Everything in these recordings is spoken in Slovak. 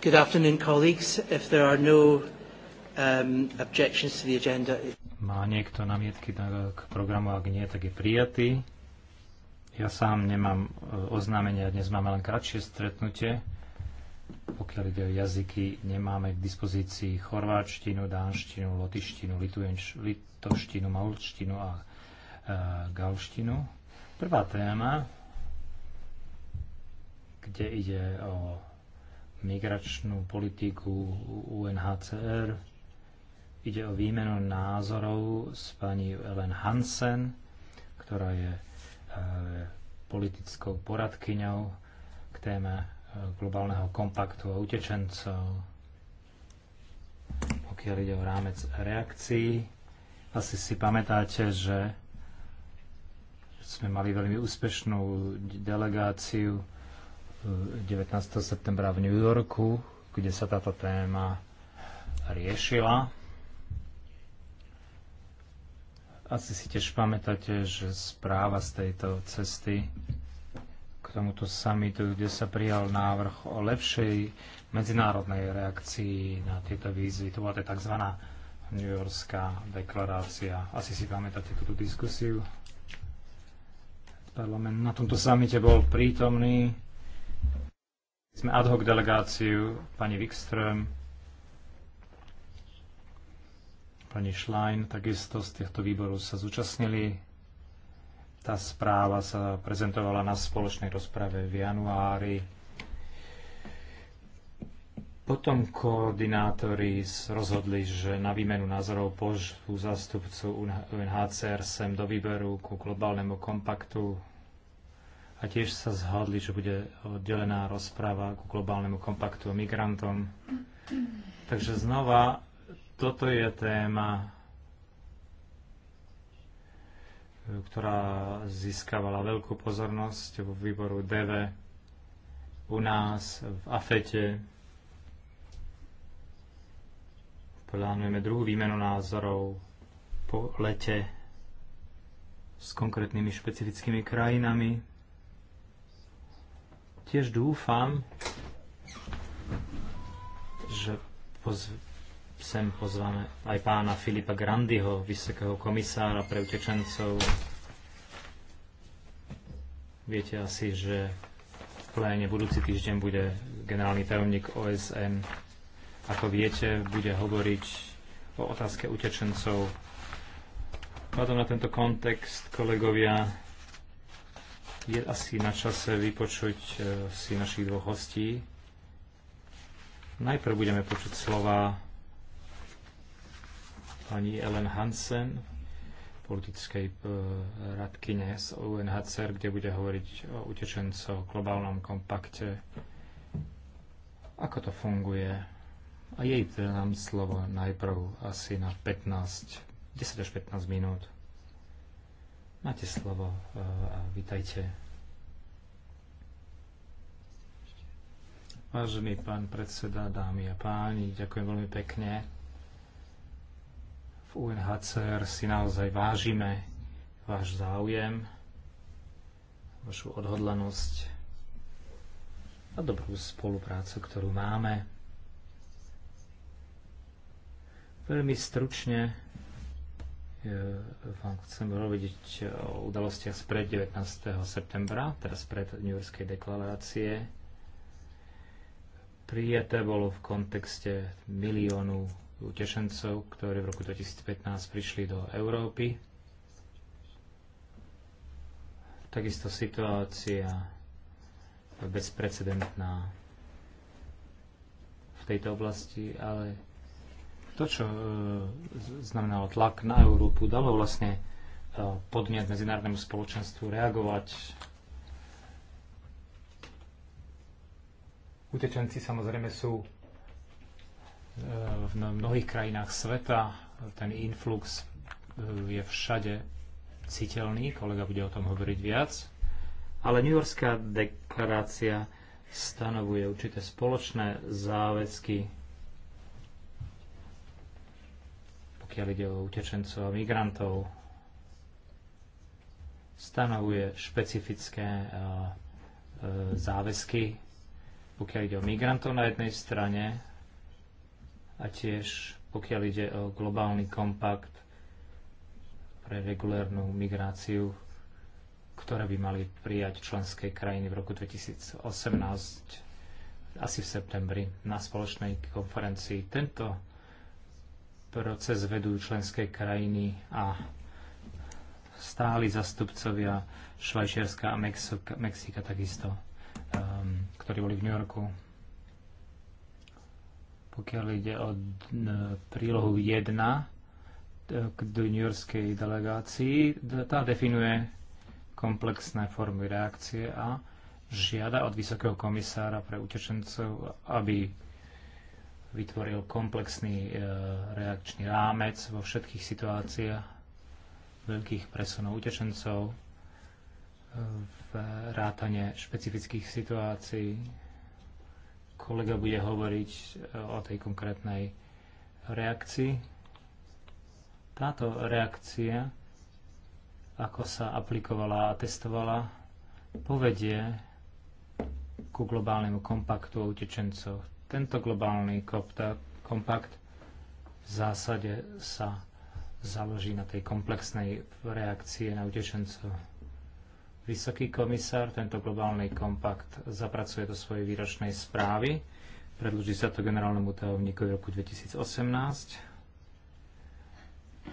Good afternoon, colleagues. If there are no um, objections to the agenda... Má niekto namietky k programu? Ak nie, tak je prijatý. Ja sám nemám e, oznámenia, dnes máme len kratšie stretnutie. Pokiaľ ide o jazyky, nemáme k dispozícii chorváčtinu, dánštinu, lotištinu, litoštinu, malštinu a e, galštinu. Prvá téma, kde ide o migračnú politiku UNHCR. Ide o výmenu názorov s pani Ellen Hansen, ktorá je e, politickou poradkyňou k téme e, globálneho kompaktu o utečencov, pokiaľ ide o rámec reakcií. Asi si pamätáte, že sme mali veľmi úspešnú delegáciu 19. septembra v New Yorku, kde sa táto téma riešila. Asi si tiež pamätáte, že správa z tejto cesty k tomuto summitu, kde sa prijal návrh o lepšej medzinárodnej reakcii na tieto výzvy. To bola tzv. New Yorkská deklarácia. Asi si pamätáte túto diskusiu. Parlament na tomto samite bol prítomný sme ad hoc delegáciu pani Wikström, pani Schlein, takisto z týchto výborov sa zúčastnili. Tá správa sa prezentovala na spoločnej rozprave v januári. Potom koordinátori rozhodli, že na výmenu názorov požú zástupcu UNHCR sem do výberu ku globálnemu kompaktu a tiež sa zhodli, že bude oddelená rozpráva ku globálnemu kompaktu o migrantom. Takže znova, toto je téma, ktorá získavala veľkú pozornosť vo výboru DV u nás v AFETE. Plánujeme druhú výmenu názorov po lete s konkrétnymi špecifickými krajinami. Tiež dúfam, že pozv- sem pozváme aj pána Filipa Grandiho, vysokého komisára pre utečencov. Viete asi, že v pléne budúci týždeň bude generálny tajomník OSN. Ako viete, bude hovoriť o otázke utečencov. Vzhľadom na tento kontext, kolegovia, je asi na čase vypočuť e, si našich dvoch hostí. Najprv budeme počuť slova pani Ellen Hansen, politickej e, radkyne z UNHCR, kde bude hovoriť o o globálnom kompakte, ako to funguje. A jej dám slovo najprv asi na 15, 10 až 15 minút. Máte slovo e, a vítajte. Vážený pán predseda, dámy a páni, ďakujem veľmi pekne. V UNHCR si naozaj vážime váš záujem, vašu odhodlanosť a dobrú spoluprácu, ktorú máme. Veľmi stručne E, vám chcem hovoriť o udalostiach spred 19. septembra, teda spred New Yorkskej deklarácie. Prijaté bolo v kontekste miliónu utešencov, ktorí v roku 2015 prišli do Európy. Takisto situácia bezprecedentná v tejto oblasti, ale to, čo e, znamenalo tlak na Európu, dalo vlastne e, podnet medzinárodnému spoločenstvu reagovať. Utečenci samozrejme sú e, v mnohých krajinách sveta. Ten influx je všade citeľný, kolega bude o tom hovoriť viac. Ale New Yorkská deklarácia stanovuje určité spoločné záväzky pokiaľ ide o utečencov a migrantov. Stanovuje špecifické e, e, záväzky, pokiaľ ide o migrantov na jednej strane a tiež pokiaľ ide o globálny kompakt pre regulérnu migráciu, ktoré by mali prijať členské krajiny v roku 2018 asi v septembri na spoločnej konferencii. Tento Proces vedú členské krajiny a stáli zastupcovia Švajčiarska a Mexika, Mexika takisto, um, ktorí boli v New Yorku. Pokiaľ ide o prílohu 1 k New Yorkskej delegácii, tá definuje komplexné formy reakcie a žiada od Vysokého komisára pre utečencov, aby vytvoril komplexný e, reakčný rámec vo všetkých situáciách veľkých presunov utečencov, e, v rátane špecifických situácií. Kolega bude hovoriť e, o tej konkrétnej reakcii. Táto reakcia, ako sa aplikovala a testovala, povedie ku globálnemu kompaktu o utečencoch tento globálny kompakt v zásade sa založí na tej komplexnej reakcie na utečencov. Vysoký komisár tento globálny kompakt zapracuje do svojej výročnej správy. Predloží sa to generálnemu tajomníkovi roku 2018.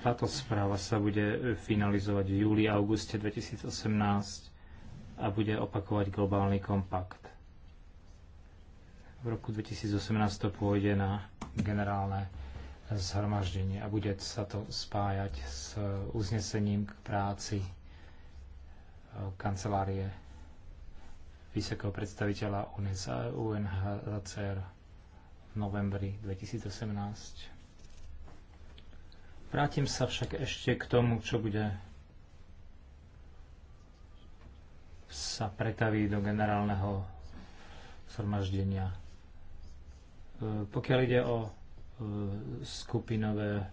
Táto správa sa bude finalizovať v júli auguste 2018 a bude opakovať globálny kompakt. V roku 2018 to pôjde na generálne zhromaždenie a bude sa to spájať s uznesením k práci e, kancelárie vysokého predstaviteľa UNHCR v novembri 2018. Vrátim sa však ešte k tomu, čo bude sa pretaví do generálneho zhromaždenia E, pokiaľ ide o e, skupinové e,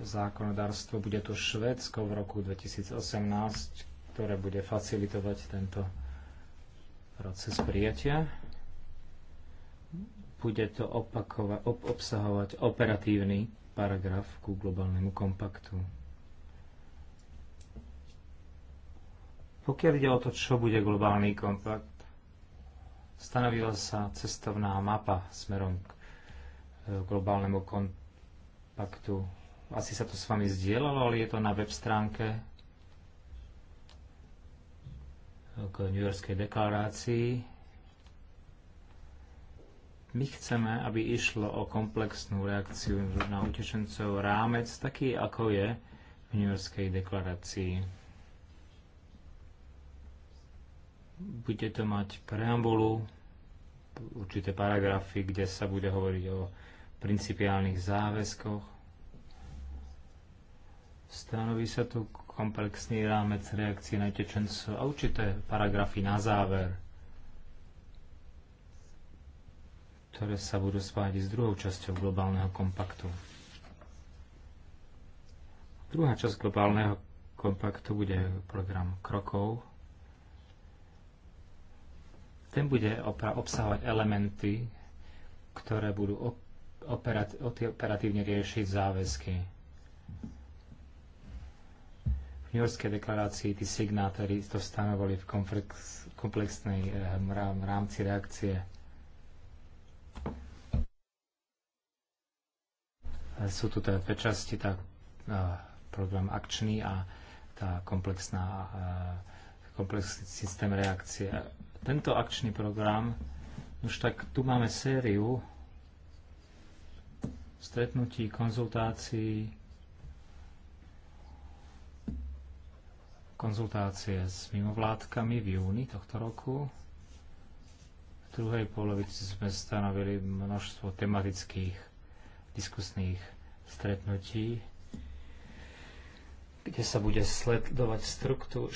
zákonodárstvo, bude to Švédsko v roku 2018, ktoré bude facilitovať tento proces prijatia. Bude to opakova- ob- obsahovať operatívny paragraf ku globálnemu kompaktu. Pokiaľ ide o to, čo bude globálny kompakt, stanovila sa cestovná mapa smerom k e, globálnemu kompaktu. Asi sa to s vami zdieľalo, ale je to na web stránke e, k New Yorkskej deklarácii. My chceme, aby išlo o komplexnú reakciu na utečencov rámec, taký ako je v New Yorkskej deklarácii Bude to mať preambulu, určité paragrafy, kde sa bude hovoriť o principiálnych záväzkoch. Stanoví sa tu komplexný rámec reakcie na tečenco a určité paragrafy na záver, ktoré sa budú spájať s druhou časťou globálneho kompaktu. Druhá časť globálneho kompaktu bude program krokov, ten bude obsahovať elementy, ktoré budú operatívne riešiť záväzky. V New Yorkskej deklarácii tí signátori to stanovali v komplexnej eh, rámci reakcie. Eh, sú tu teda dve časti, tá eh, program akčný a tá komplexná, komplexný systém reakcie tento akčný program, už tak tu máme sériu stretnutí, konzultácií, konzultácie s mimovládkami v júni tohto roku. V druhej polovici sme stanovili množstvo tematických diskusných stretnutí, kde sa bude sledovať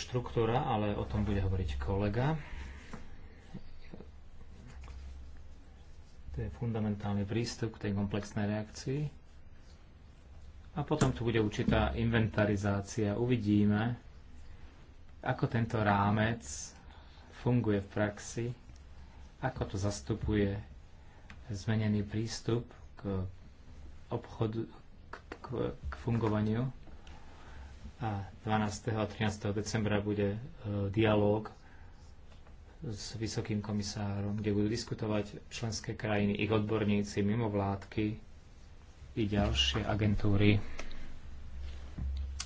štruktúra, ale o tom bude hovoriť kolega. To je fundamentálny prístup k tej komplexnej reakcii. A potom tu bude určitá inventarizácia. Uvidíme, ako tento rámec funguje v praxi, ako to zastupuje zmenený prístup k obchodu, k, k, k fungovaniu. A 12. a 13. decembra bude e, dialóg s vysokým komisárom, kde budú diskutovať členské krajiny, ich odborníci, mimovládky i ďalšie agentúry.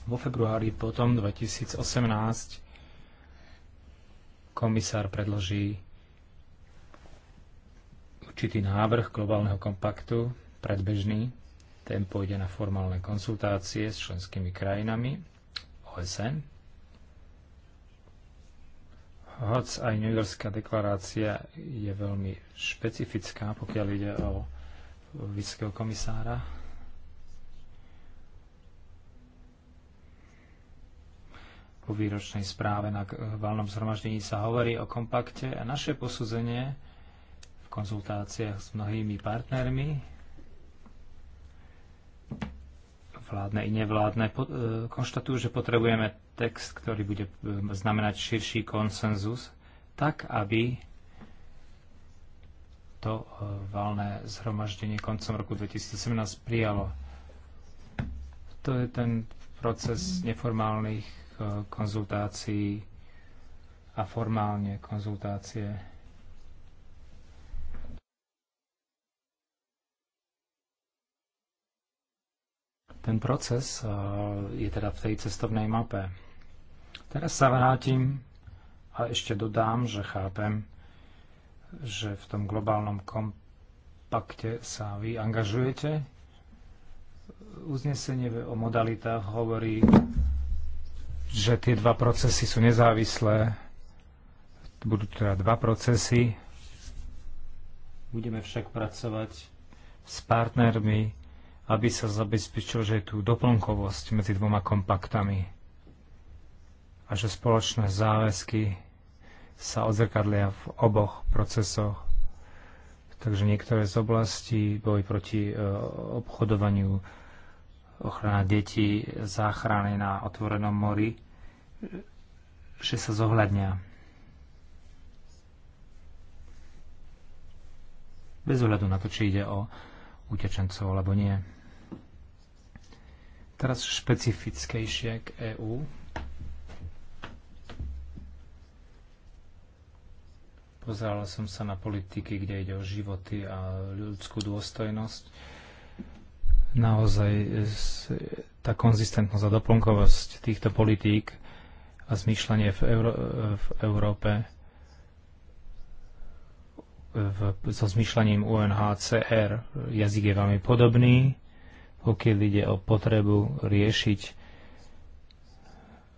Vo februári potom 2018 komisár predloží určitý návrh globálneho kompaktu, predbežný, ten pôjde na formálne konzultácie s členskými krajinami OSN hoc aj New Yorkská deklarácia je veľmi špecifická, pokiaľ ide o vysokého komisára. Po výročnej správe na valnom zhromaždení sa hovorí o kompakte a naše posúzenie v konzultáciách s mnohými partnermi vládne i nevládne, e, konštatujú, že potrebujeme text, ktorý bude e, znamenať širší konsenzus, tak aby to e, valné zhromaždenie koncom roku 2017 prijalo. To je ten proces neformálnych konzultácií a formálne konzultácie Ten proces je teda v tej cestovnej mape. Teraz sa vrátim a ešte dodám, že chápem, že v tom globálnom kompakte sa vy angažujete. Uznesenie o modalitách hovorí, že tie dva procesy sú nezávislé. Budú teda dva procesy. Budeme však pracovať s partnermi, aby sa zabezpečilo, že je tu doplnkovosť medzi dvoma kompaktami a že spoločné záväzky sa odzrkadlia v oboch procesoch. Takže niektoré z oblastí, boj proti e, obchodovaniu, ochrana detí, záchrany na otvorenom mori, že sa zohľadňa. bez ohľadu na to, či ide o utečencov alebo nie. Teraz špecifickejšie k EÚ. Pozerala som sa na politiky, kde ide o životy a ľudskú dôstojnosť. Naozaj e, e, tá konzistentnosť a doplnkovosť týchto politík a zmýšľanie v, Euró- v Európe e, v, so zmýšľaním UNHCR. Jazyk je veľmi podobný, pokiaľ ide o potrebu riešiť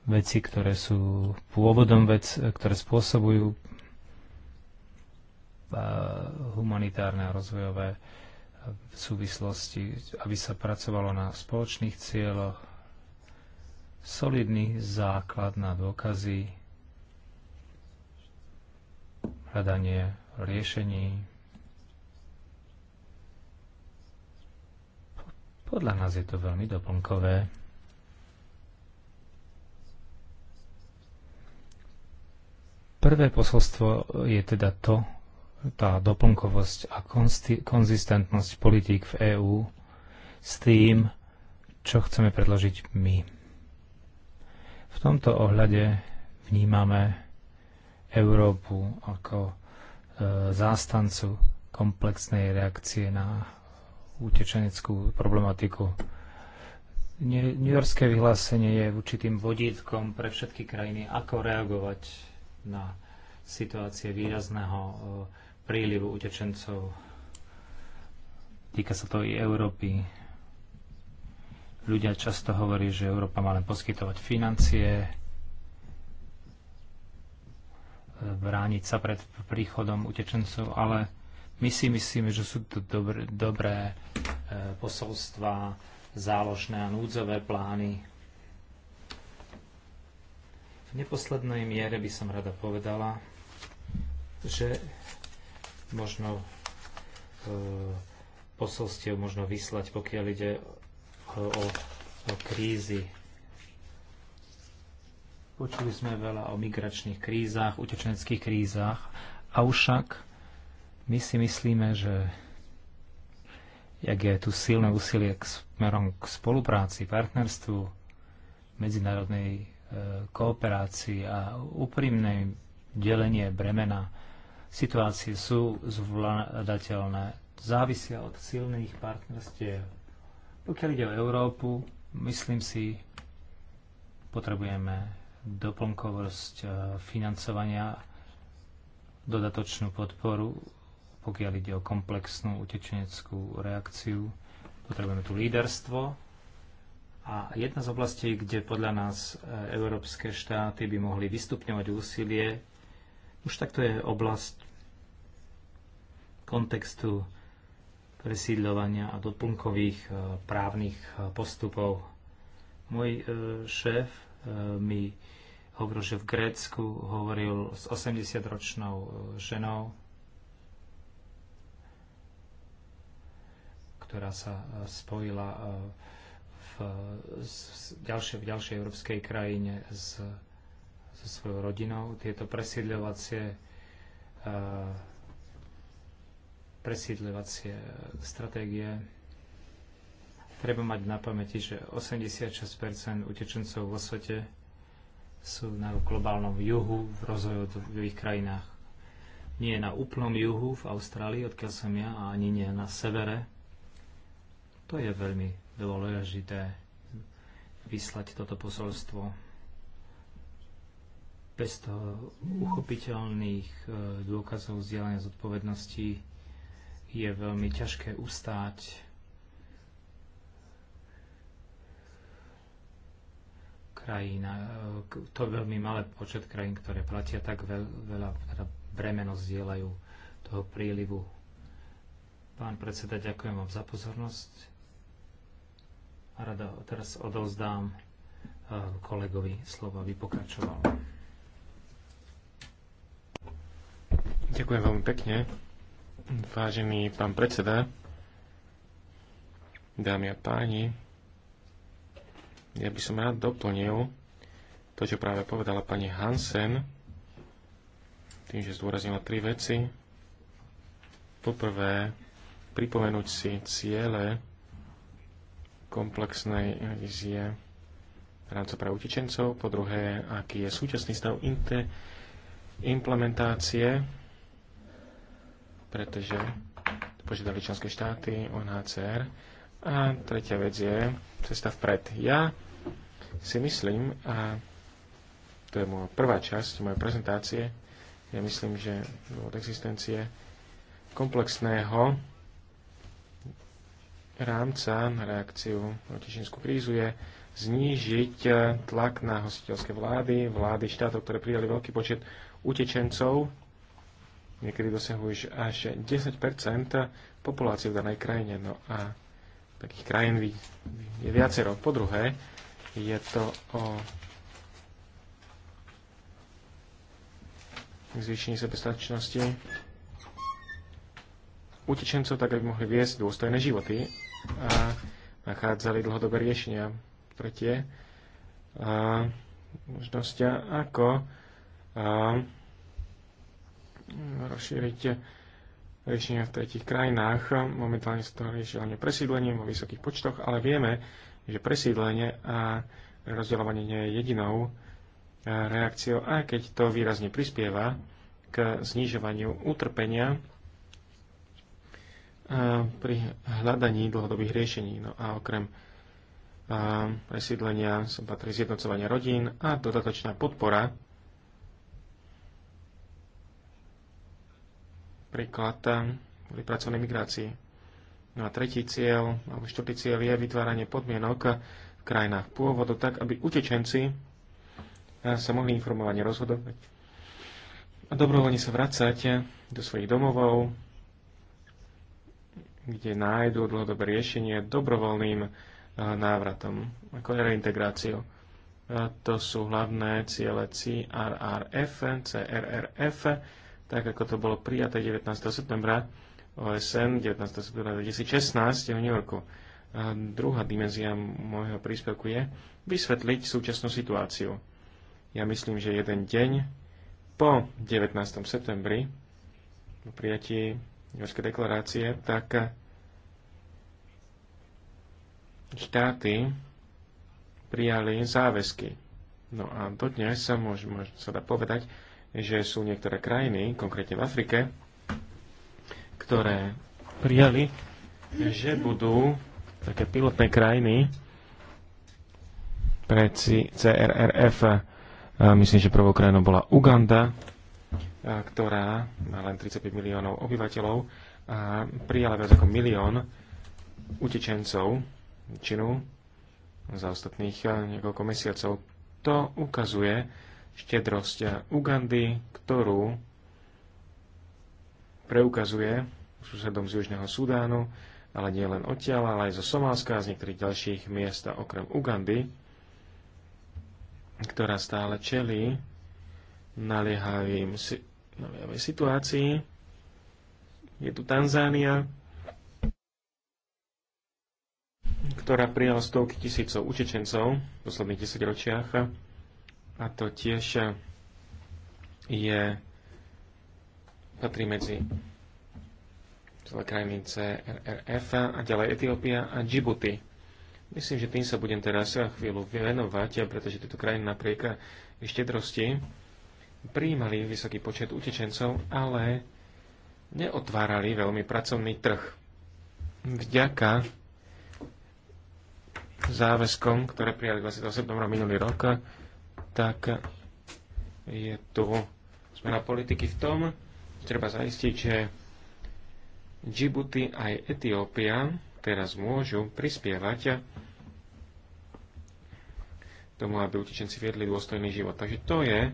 veci, ktoré sú pôvodom vec, ktoré spôsobujú humanitárne a rozvojové v súvislosti, aby sa pracovalo na spoločných cieľoch, solidný základ na dôkazy, hľadanie riešení, Podľa nás je to veľmi doplnkové. Prvé posolstvo je teda to, tá doplnkovosť a konzistentnosť politík v EÚ s tým, čo chceme predložiť my. V tomto ohľade vnímame Európu ako e, zástancu komplexnej reakcie na utečeneckú problematiku. Yorkské vyhlásenie je určitým vodítkom pre všetky krajiny, ako reagovať na situácie výrazného e, prílivu utečencov. Týka sa to i Európy. Ľudia často hovorí, že Európa má len poskytovať financie, e, brániť sa pred príchodom utečencov, ale my si myslíme, že sú to dobré, dobré e, posolstva, záložné a núdzové plány. V neposlednej miere by som rada povedala, že možno e, posolstiev možno vyslať, pokiaľ ide o, o, o krízy. Počuli sme veľa o migračných krízach, utečenských krízach, avšak my si myslíme, že jak je tu silné úsilie k smerom k spolupráci, partnerstvu, medzinárodnej e, kooperácii a úprimnej delenie bremena, situácie sú zvládateľné. Závisia od silných partnerstiev. Pokiaľ ide o Európu, myslím si, potrebujeme doplnkovosť e, financovania, dodatočnú podporu pokiaľ ide o komplexnú utečeneckú reakciu. Potrebujeme tu líderstvo. A jedna z oblastí, kde podľa nás e, európske štáty by mohli vystupňovať úsilie, už takto je oblasť kontextu presídľovania a doplnkových e, právnych e, postupov. Môj šéf mi hovoril, že v Grécku hovoril s 80-ročnou ženou, ktorá sa e, spojila e, v, ďalšej, v ďalšej európskej krajine s, so svojou rodinou. Tieto presiedľovacie e, presiedľovacie stratégie. Treba mať na pamäti, že 86 utečencov vo svete sú na globálnom juhu v rozvojových krajinách. Nie na úplnom juhu v Austrálii, odkiaľ som ja, a ani nie na severe to je veľmi dôležité vyslať toto posolstvo. Bez toho uchopiteľných e, dôkazov vzdielania zodpovednosti je veľmi ťažké ustáť. Krajina, e, to je veľmi malý počet krajín, ktoré platia tak veľa, teda bremeno zdieľajú toho prílivu. Pán predseda, ďakujem vám za pozornosť Rada teraz odovzdám e, kolegovi slovo, aby pokračoval. Ďakujem veľmi pekne. Vážený pán predseda, dámy a páni, ja by som rád doplnil to, čo práve povedala pani Hansen, tým, že zdôraznila tri veci. Poprvé, pripomenúť si ciele komplexnej vízie rámca pre utečencov, po druhé, aký je súčasný stav implementácie, pretože požiadali členské štáty, UNHCR. A tretia vec je cesta vpred. Ja si myslím, a to je moja prvá časť mojej prezentácie, ja myslím, že od existencie komplexného rámca na reakciu na tešinskú krízu je znížiť eh, tlak na hostiteľské vlády, vlády štátov, ktoré prijali veľký počet utečencov, niekedy dosahujú až 10 populácie v danej krajine. No a takých krajín je viacero. Po druhé, je to o zvýšení sebestačnosti utečencov, tak aby mohli viesť dôstojné životy a nachádzali dlhodobé riešenia. Tretie, a možnosti ako a, rozšíriť riešenia v tretich krajinách. Momentálne sa to rieši len presídlením vo vysokých počtoch, ale vieme, že presídlenie a rozdeľovanie nie je jedinou reakciou, aj keď to výrazne prispieva k znižovaniu utrpenia pri hľadaní dlhodobých riešení. No a okrem presídlenia sa patrí zjednocovanie rodín a dodatočná podpora. Príklad pri pracovnej migrácii. No a tretí cieľ, alebo štvrtý cieľ je vytváranie podmienok v krajinách pôvodu tak, aby utečenci sa mohli informovane rozhodovať a dobrovoľne sa vracať do svojich domovov, kde nájdú dlhodobé riešenie dobrovoľným eh, návratom, ako reintegráciou. Eh, to sú hlavné ciele CRRF, CRRF, tak ako to bolo prijaté 19. septembra OSN 19. septembra 2016 v New Yorku. A eh, druhá dimenzia môjho príspevku je vysvetliť súčasnú situáciu. Ja myslím, že jeden deň po 19. septembri po prijatí Jorskej deklarácie, tak štáty prijali záväzky. No a dodnes sa, môž, môž, sa dá povedať, že sú niektoré krajiny, konkrétne v Afrike, ktoré prijali, že budú také pilotné krajiny pre CRRF. Myslím, že prvou krajinou bola Uganda, ktorá má len 35 miliónov obyvateľov a prijala viac ako milión utečencov väčšinu za ostatných eh, niekoľko mesiacov. To ukazuje štedrosť eh, Ugandy, ktorú preukazuje susedom z Južného Sudánu, ale nie len odtiaľ, ale aj zo Somálska a z niektorých ďalších miest okrem Ugandy, ktorá stále čelí naliehavým, naliehavej situácii. Je tu Tanzánia, ktorá prijala stovky tisícov utečencov v posledných desaťročiach. A to tiež je, patrí medzi celé krajiny CRRF a ďalej Etiópia a Djibouti. Myslím, že tým sa budem teraz chvíľu venovať, pretože tieto krajiny napriek štedrosti prijímali vysoký počet utečencov, ale neotvárali veľmi pracovný trh. Vďaka záväzkom, ktoré prijali 27 septembra minulý rok, tak je tu zmena politiky v tom, že treba zaistiť, že Djibouti aj Etiópia teraz môžu prispievať tomu, aby utečenci viedli dôstojný život. Takže to je,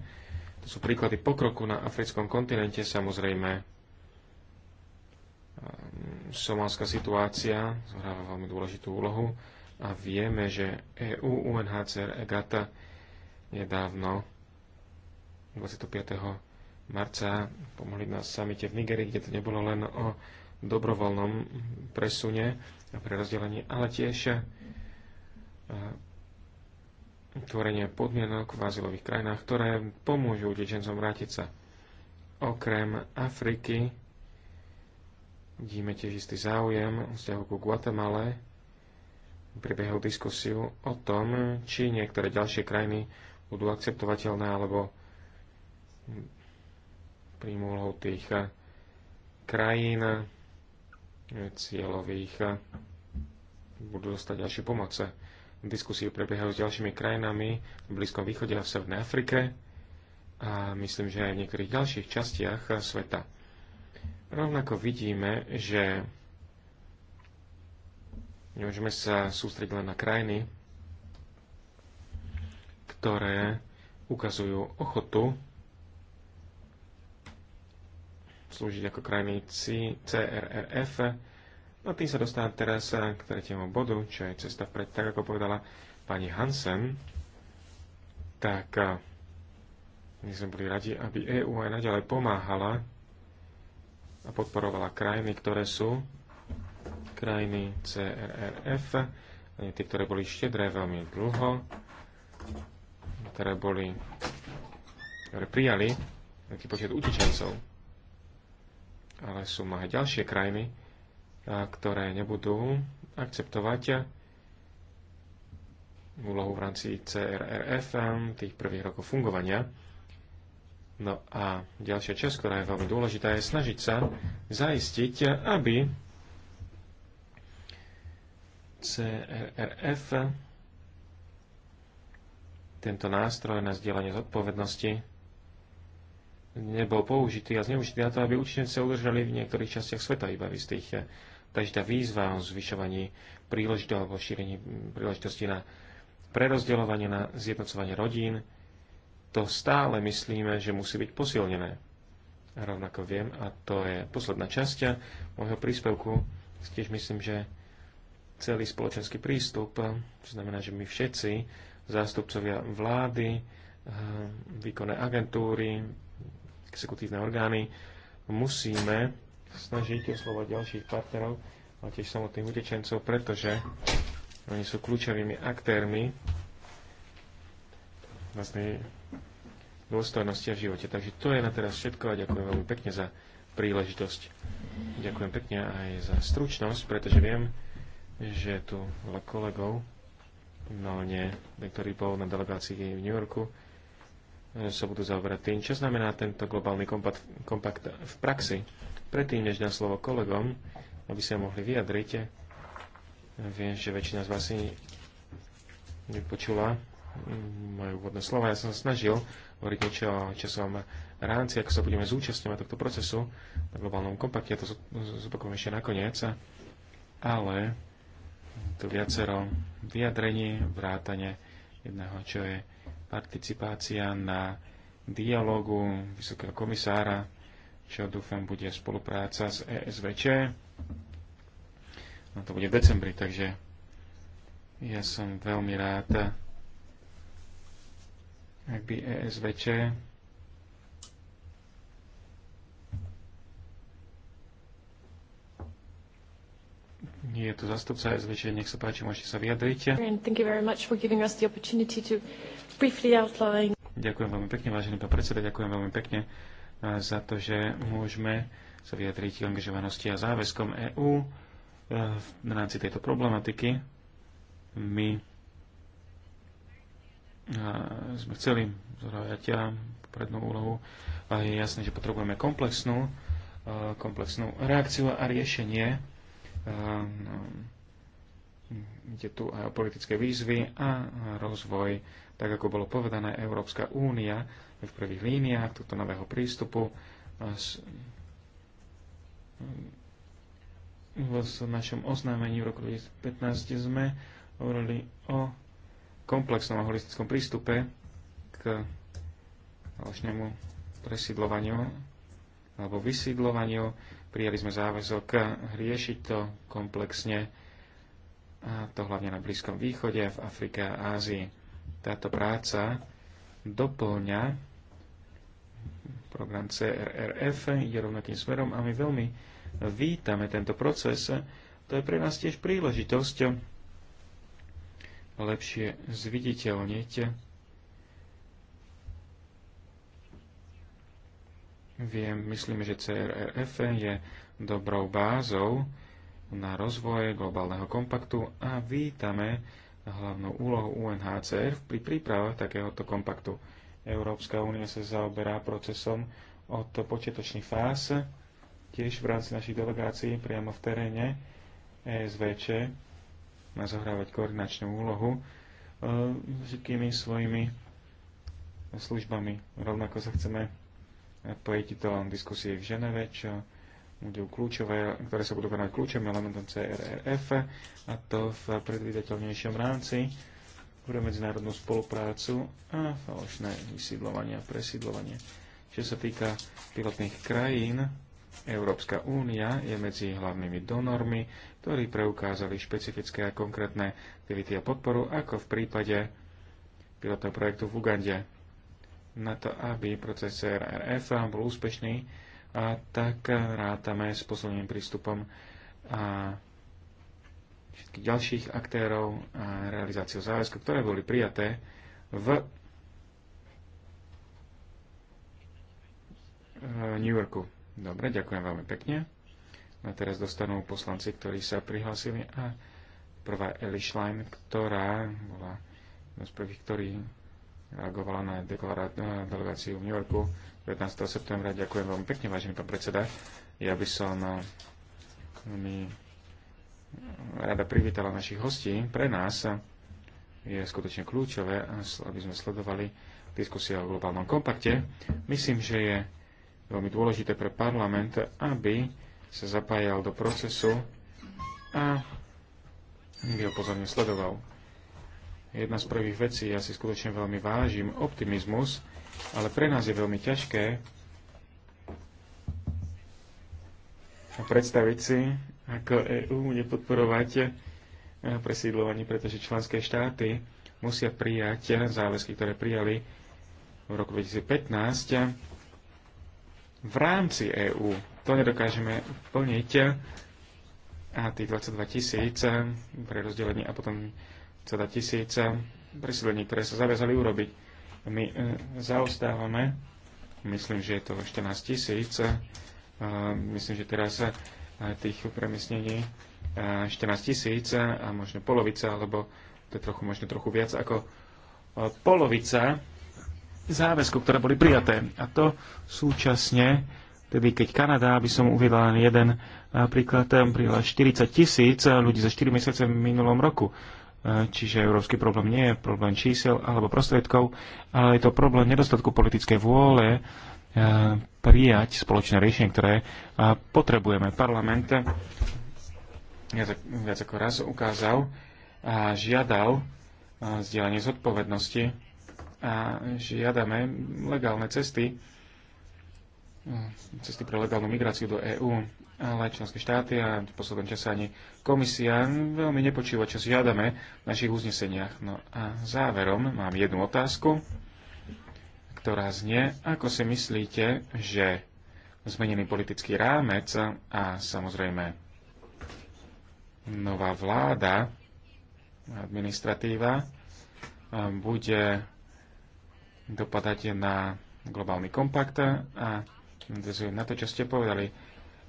to sú príklady pokroku na africkom kontinente, samozrejme. Somálska situácia zohráva veľmi dôležitú úlohu a vieme, že EU, UNHCR, EGATA nedávno 25. marca pomohli na samite v Nigerii, kde to nebolo len o dobrovoľnom presune a prerozdelení, ale tiež e, tvorenie podmienok v azylových krajinách, ktoré pomôžu utečencom vrátiť sa. Okrem Afriky vidíme tiež istý záujem vzťahu ku Guatemale, prebiehajú diskusiu o tom, či niektoré ďalšie krajiny budú akceptovateľné alebo príjmu úlohou tých eh, krajín eh, cieľových eh, budú dostať ďalšie pomoce. Diskusie prebiehajú s ďalšími krajinami v Blízkom východe a v Severnej Afrike a myslím, že aj v niektorých ďalších častiach sveta. Rovnako vidíme, že Nemôžeme sa sústrediť len na krajiny, ktoré ukazujú ochotu slúžiť ako krajiny CRRF. No tým sa dostávam teraz k tretiemu bodu, čo je cesta vpred, tak ako povedala pani Hansen. Tak eh, my sme boli radi, aby EU aj naďalej pomáhala a podporovala krajiny, ktoré sú krajiny CRRF, eh, tie, ktoré boli štedré veľmi dlho, ktoré boli, ktoré prijali veľký počet utečencov. Ale sú aj ďalšie krajiny, eh, ktoré nebudú akceptovať eh, úlohu v rámci CRRF tých prvých rokov fungovania. No a ďalšia časť, ktorá je veľmi dôležitá, je snažiť sa zaistiť, aby CRF tento nástroj na zdieľanie zodpovednosti, nebol použitý a zneužitý na to, aby učenci sa udržali v niektorých častiach sveta iba v istých. Takže tá výzva o zvyšovaní príležitosti alebo šírení príležitosti na prerozdeľovanie, na zjednocovanie rodín, to stále myslíme, že musí byť posilnené. A rovnako viem, a to je posledná časť môjho príspevku, tiež myslím, že celý spoločenský prístup. To znamená, že my všetci, zástupcovia vlády, eh, výkonné agentúry, exekutívne orgány, musíme snažiť oslovať ďalších partnerov, ale tiež samotných utečencov, pretože oni sú kľúčovými aktérmi vlastnej dôstojnosti a v živote. Takže to je na teraz všetko a ďakujem veľmi pekne za príležitosť. Ďakujem pekne aj za stručnosť, pretože viem, že je tu veľa kolegov, no nie, niektorí bol na delegácii v New Yorku, e, sa budú zaoberať tým, čo znamená tento globálny kompakt, kompakt v praxi. Predtým, než dám slovo kolegom, aby sa mohli vyjadriť, e, viem, že väčšina z vás nepočula mm, moje úvodné slova. Ja som sa snažil hovoriť niečo o časovom rámci, ako sa budeme zúčastňovať tohto procesu na globálnom kompakte, ja to zopakujem ešte nakoniec, ale tu viacero vyjadrení, vrátane jedného, čo je participácia na dialogu Vysokého komisára, čo dúfam bude spolupráca s ESVČ. No to bude v decembri, takže ja som veľmi rád, ak by ESVČ Je tu zastupca SVČ, nech sa páči, môžete sa vyjadriť. Ďakujem veľmi pekne, vážený pán predseda, ďakujem veľmi pekne eh, za to, že môžeme sa vyjadriť k angažovanosti a záväzkom EÚ eh, v rámci tejto problematiky. My eh, sme chceli zohrávať ja prednú úlohu a je jasné, že potrebujeme komplexnú, komplexnú reakciu a riešenie Eh, no, ide tu aj o politické výzvy a rozvoj, tak ako bolo povedané, Európska únia je v prvých líniách tohto nového prístupu s, v našom oznámení v roku 2015 sme hovorili o komplexnom a holistickom prístupe k ďalšnému presídlovaniu alebo vysídlovaniu Prijali sme záväzok riešiť to komplexne, a to hlavne na Blízkom východe, v Afrike a Ázii. Táto práca doplňa program CRRF, ide rovnakým smerom a my veľmi vítame tento proces. To je pre nás tiež príležitosť lepšie zviditeľniť Viem, myslím, že CRRF je dobrou bázou na rozvoj globálneho kompaktu a vítame hlavnú úlohu UNHCR pri príprave takéhoto kompaktu. Európska únia sa zaoberá procesom od počiatočných fáz, tiež v rámci našich delegácií priamo v teréne ESVČ má zohrávať koordinačnú úlohu všetkými svojimi službami. Rovnako sa chceme prejiť diskusie v Ženeve, čo budú kľúčové, ktoré sa budú konať kľúčom elementom CRRF a to v predvídateľnejšom rámci pre medzinárodnú spoluprácu a falošné vysídlovanie a presídlovanie. Čo sa týka pilotných krajín, Európska únia je medzi hlavnými donormi, ktorí preukázali špecifické a konkrétne aktivity a podporu, ako v prípade pilotného projektu v Ugande na to, aby proces RF bol úspešný, a tak rátame s posledným prístupom a všetkých ďalších aktérov a realizáciu záväzku, ktoré boli prijaté v eh, New Yorku. Dobre, ďakujem veľmi pekne. A teraz dostanú poslanci, ktorí sa prihlásili a prvá Eli Schlein, ktorá bola z prvých, ktorí reagovala na delegáciu v New Yorku 15. septembra. Ďakujem veľmi pekne, vážený pán predseda. Ja by som eh, mi eh, rada privítala našich hostí. Pre nás je skutočne kľúčové, eh, aby sme sledovali diskusia o globálnom kompakte. Myslím, že je veľmi dôležité pre parlament, aby sa zapájal do procesu a by ho pozorne sledoval jedna z prvých vecí, ja si skutočne veľmi vážim optimizmus, ale pre nás je veľmi ťažké predstaviť si, ako EÚ podporovať eh, presídlovanie, pretože členské štáty musia prijať eh, záväzky, ktoré prijali v roku 2015 eh, v rámci EÚ. To nedokážeme plniť a tých 22 tisíc pre rozdelenie a potom teda tisíce príslední, ktoré sa zaviazali urobiť. My e, zaostávame, myslím, že je to 14 tisíc, e, myslím, že teraz e, tých premiesnení e, 14 tisíc a možno polovica, alebo to je trochu, možno trochu viac ako e, polovica záväzku, ktoré boli prijaté. A to súčasne tedy keď Kanada, aby som uviedla len jeden príklad, tam e, prijala 40 tisíc e, ľudí za 4 mesiace v minulom roku. E, čiže európsky problém nie je problém čísel alebo prostriedkov, ale je to problém nedostatku politickej vôle e, prijať spoločné riešenie, ktoré e, potrebujeme. Parlament viac ako raz ukázal a žiadal zdieľanie zodpovednosti a žiadame legálne cesty, cesty pre legálnu migráciu do EÚ ale aj členské štáty a v poslednom čase ani komisia veľmi nepočíva čo si žiadame v našich uzneseniach. No a záverom mám jednu otázku, ktorá znie, ako si myslíte, že zmenený politický rámec a samozrejme nová vláda, administratíva bude dopadať na globálny kompakt a na to, čo ste povedali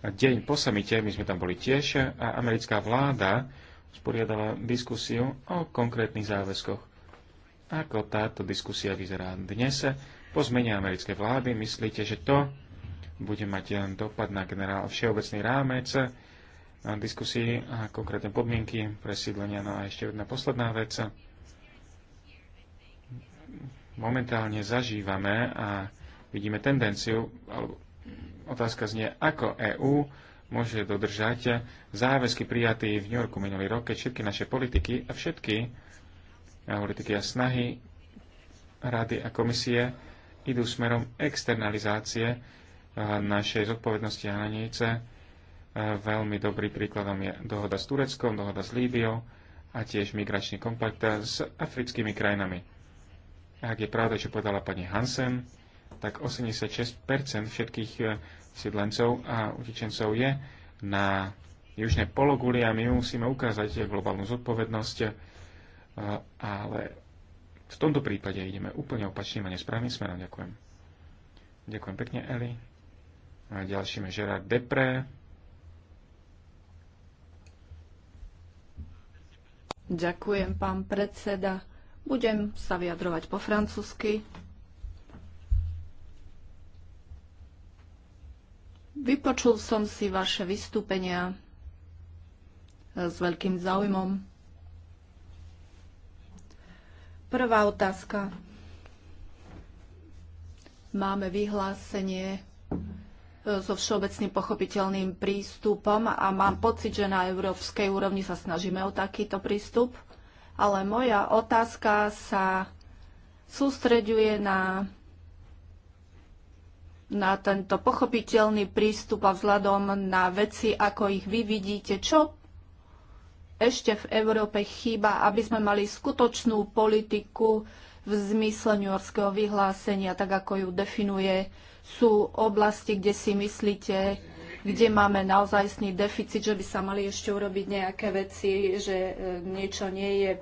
deň po samite, my sme tam boli tiež, a americká vláda sporiadala diskusiu o konkrétnych záväzkoch. Ako táto diskusia vyzerá dnes? Po zmene americkej vlády myslíte, že to bude mať dopad na generál všeobecný rámec na diskusii a konkrétne podmienky presídlenia. No a ešte jedna posledná vec. Momentálne zažívame a vidíme tendenciu, alebo otázka znie, ako EÚ môže dodržať záväzky prijatý v New Yorku minulý rok, keď všetky naše politiky a všetky politiky a snahy rady a komisie idú smerom externalizácie eh, našej zodpovednosti a hranice. Eh, veľmi dobrý príkladom je dohoda s Tureckom, dohoda s Líbiou a tiež migračný kompakt s africkými krajinami. Ak je pravda, čo povedala pani Hansen, tak 86% všetkých eh, sídlencov a utečencov je na južnej pologuli a my musíme ukázať globálnu zodpovednosť, eh, ale v tomto prípade ideme úplne opačným a nesprávnym smerom. Ďakujem. Ďakujem pekne, Eli. A ďalším je Gerard Depré. Ďakujem, pán predseda. Budem sa vyjadrovať po francúzsky. Vypočul som si vaše vystúpenia e, s veľkým záujmom. Prvá otázka. Máme vyhlásenie e, so všeobecným pochopiteľným prístupom a mám pocit, že na európskej úrovni sa snažíme o takýto prístup, ale moja otázka sa sústreďuje na na tento pochopiteľný prístup a vzhľadom na veci, ako ich vy vidíte, čo ešte v Európe chýba, aby sme mali skutočnú politiku v zmysle ňorského vyhlásenia, tak ako ju definuje. Sú oblasti, kde si myslíte, kde máme naozajstný deficit, že by sa mali ešte urobiť nejaké veci, že e, niečo nie je e,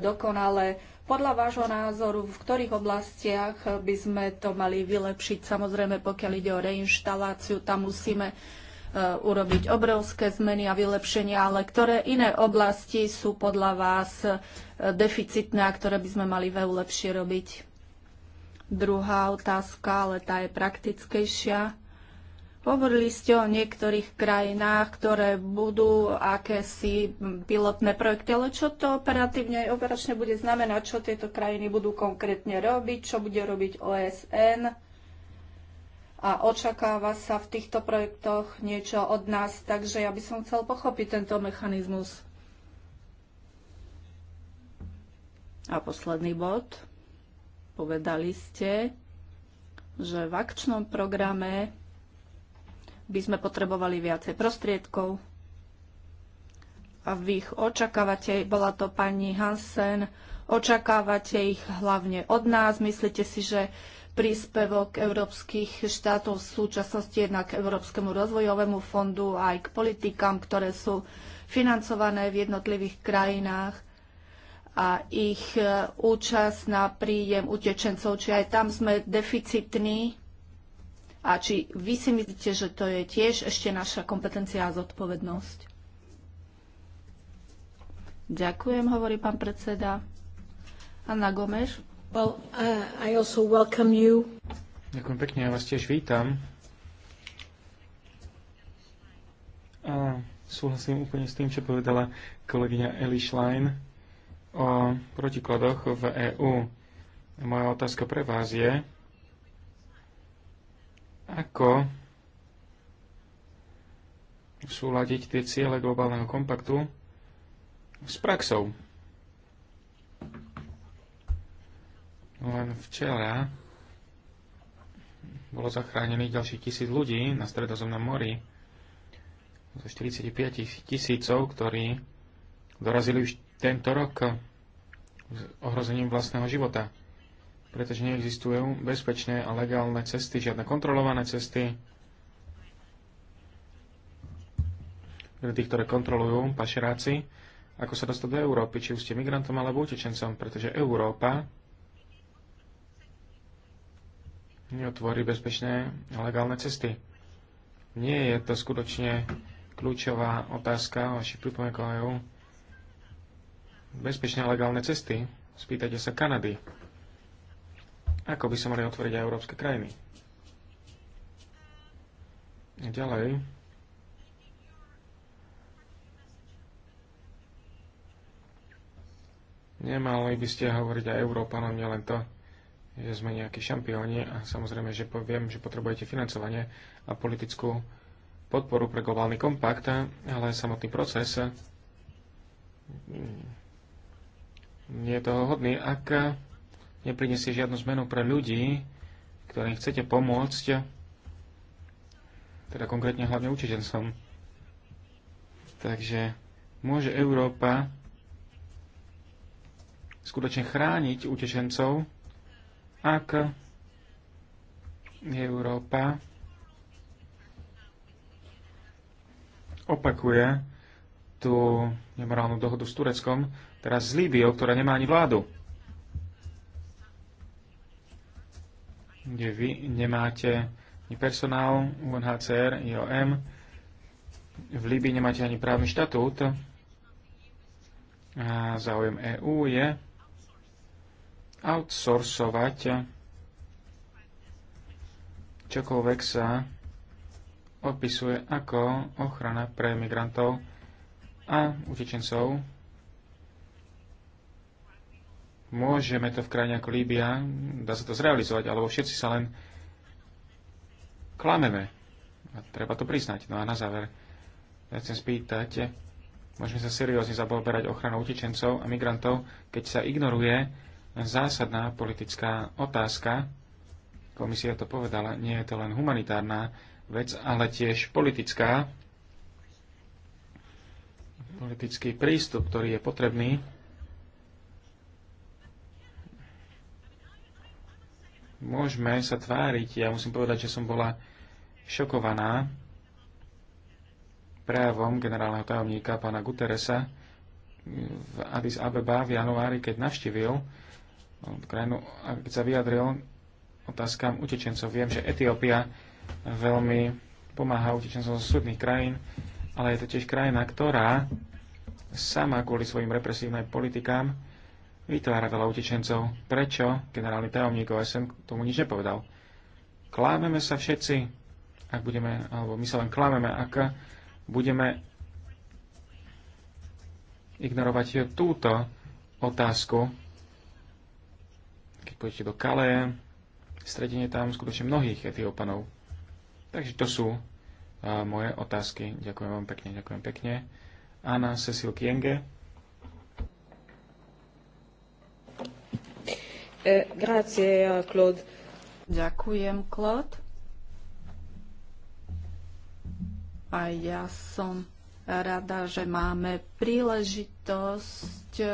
dokonalé podľa vášho názoru, v ktorých oblastiach by sme to mali vylepšiť? Samozrejme, pokiaľ ide o reinštaláciu, tam musíme e, urobiť obrovské zmeny a vylepšenia, ale ktoré iné oblasti sú podľa vás e, deficitné a ktoré by sme mali v lepšie robiť? Druhá otázka, ale tá je praktickejšia. Hovorili ste o niektorých krajinách, ktoré budú akési pilotné projekty, ale čo to operatívne aj operačne bude znamenať, čo tieto krajiny budú konkrétne robiť, čo bude robiť OSN a očakáva sa v týchto projektoch niečo od nás, takže ja by som chcel pochopiť tento mechanizmus. A posledný bod. Povedali ste, že v akčnom programe by sme potrebovali viacej prostriedkov. A vy ich očakávate, bola to pani Hansen, očakávate ich hlavne od nás. Myslíte si, že príspevok európskych štátov v súčasnosti jednak k Európskemu rozvojovému fondu a aj k politikám, ktoré sú financované v jednotlivých krajinách a ich e, účasť na príjem utečencov, či aj tam sme deficitní a či vy si myslíte, že to je tiež ešte naša kompetencia a zodpovednosť. Ďakujem, hovorí pán predseda. Anna Gomeš. Well, uh, I also welcome you. Ďakujem pekne, ja vás tiež vítam. A súhlasím úplne s tým, čo povedala kolegyňa Eli Schlein o protikladoch v EÚ. Moja otázka pre vás je, ako súľadiť tie ciele globálneho kompaktu s praxou? Len včera bolo zachránených ďalších tisíc ľudí na Stredozemnom mori zo 45 tisícov, ktorí dorazili už tento rok s ohrozením vlastného života pretože neexistujú bezpečné a legálne cesty, žiadne kontrolované cesty. Pre tých, ktoré kontrolujú pašeráci, ako sa dostať do Európy, či už ste migrantom alebo utečencom, pretože Európa neotvorí bezpečné a legálne cesty. Nie je to skutočne kľúčová otázka vašich pripomienkov Bezpečné a legálne cesty. Spýtajte sa Kanady. Ako by sa mali otvoriť aj európske krajiny? A ďalej. Nemali by ste hovoriť aj Európanom len to, že sme nejakí šampióni a samozrejme, že viem, že potrebujete financovanie a politickú podporu pre globálny kompakt, ale samotný proces mm, nie je toho hodný, ak neprinesie žiadnu zmenu pre ľudí, ktorým chcete pomôcť, teda konkrétne hlavne učiteľcom. Takže môže Európa skutočne chrániť utečencov, ak Európa opakuje tú nemorálnu dohodu s Tureckom, teraz s Líbiou, ktorá nemá ani vládu. kde vy nemáte ani personál UNHCR, IOM, v Líbii nemáte ani právny štatút a záujem EÚ je outsourcovať čokoľvek sa opisuje ako ochrana pre migrantov a utečencov môžeme to v krajine ako Líbia, dá sa to zrealizovať, alebo všetci sa len klameme. A treba to priznať. No a na záver, ja chcem spýtať, môžeme sa seriózne zaoberať ochranou utečencov a migrantov, keď sa ignoruje zásadná politická otázka. Komisia to povedala, nie je to len humanitárna vec, ale tiež politická. Politický prístup, ktorý je potrebný môžeme sa tváriť. Ja musím povedať, že som bola šokovaná prejavom generálneho tajomníka pána Guteresa v Addis Abeba v januári, keď navštívil krajinu a keď sa vyjadril otázkam utečencov. Viem, že Etiópia veľmi pomáha utečencom zo súdnych krajín, ale je to tiež krajina, ktorá sama kvôli svojim represívnym politikám vytvára veľa utečencov. Prečo generálny tajomník OSN tomu nič nepovedal? Klámeme sa všetci, ak budeme, alebo my sa len klámeme, ak budeme ignorovať túto otázku, keď pôjdete do Kale, stredenie tam skutočne mnohých etiopanov. Takže to sú moje otázky. Ďakujem vám pekne, ďakujem pekne. Anna Cecil Kienge. E, grazie, Claude. Ďakujem, Claude. A ja som rada, že máme príležitosť e,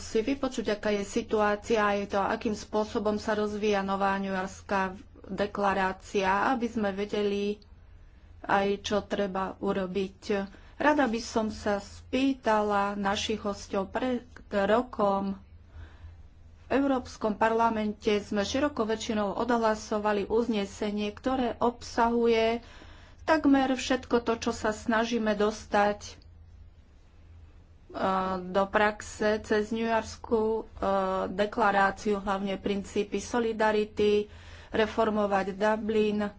si vypočuť, aká je situácia a je to, akým spôsobom sa rozvíja nová ňujorská deklarácia, aby sme vedeli aj, čo treba urobiť. Rada by som sa spýtala našich hostov pred rokom, Európskom parlamente sme široko väčšinou odhlasovali uznesenie, ktoré obsahuje takmer všetko to, čo sa snažíme dostať e, do praxe cez New Yorkskú e, deklaráciu, hlavne princípy solidarity, reformovať Dublin, e,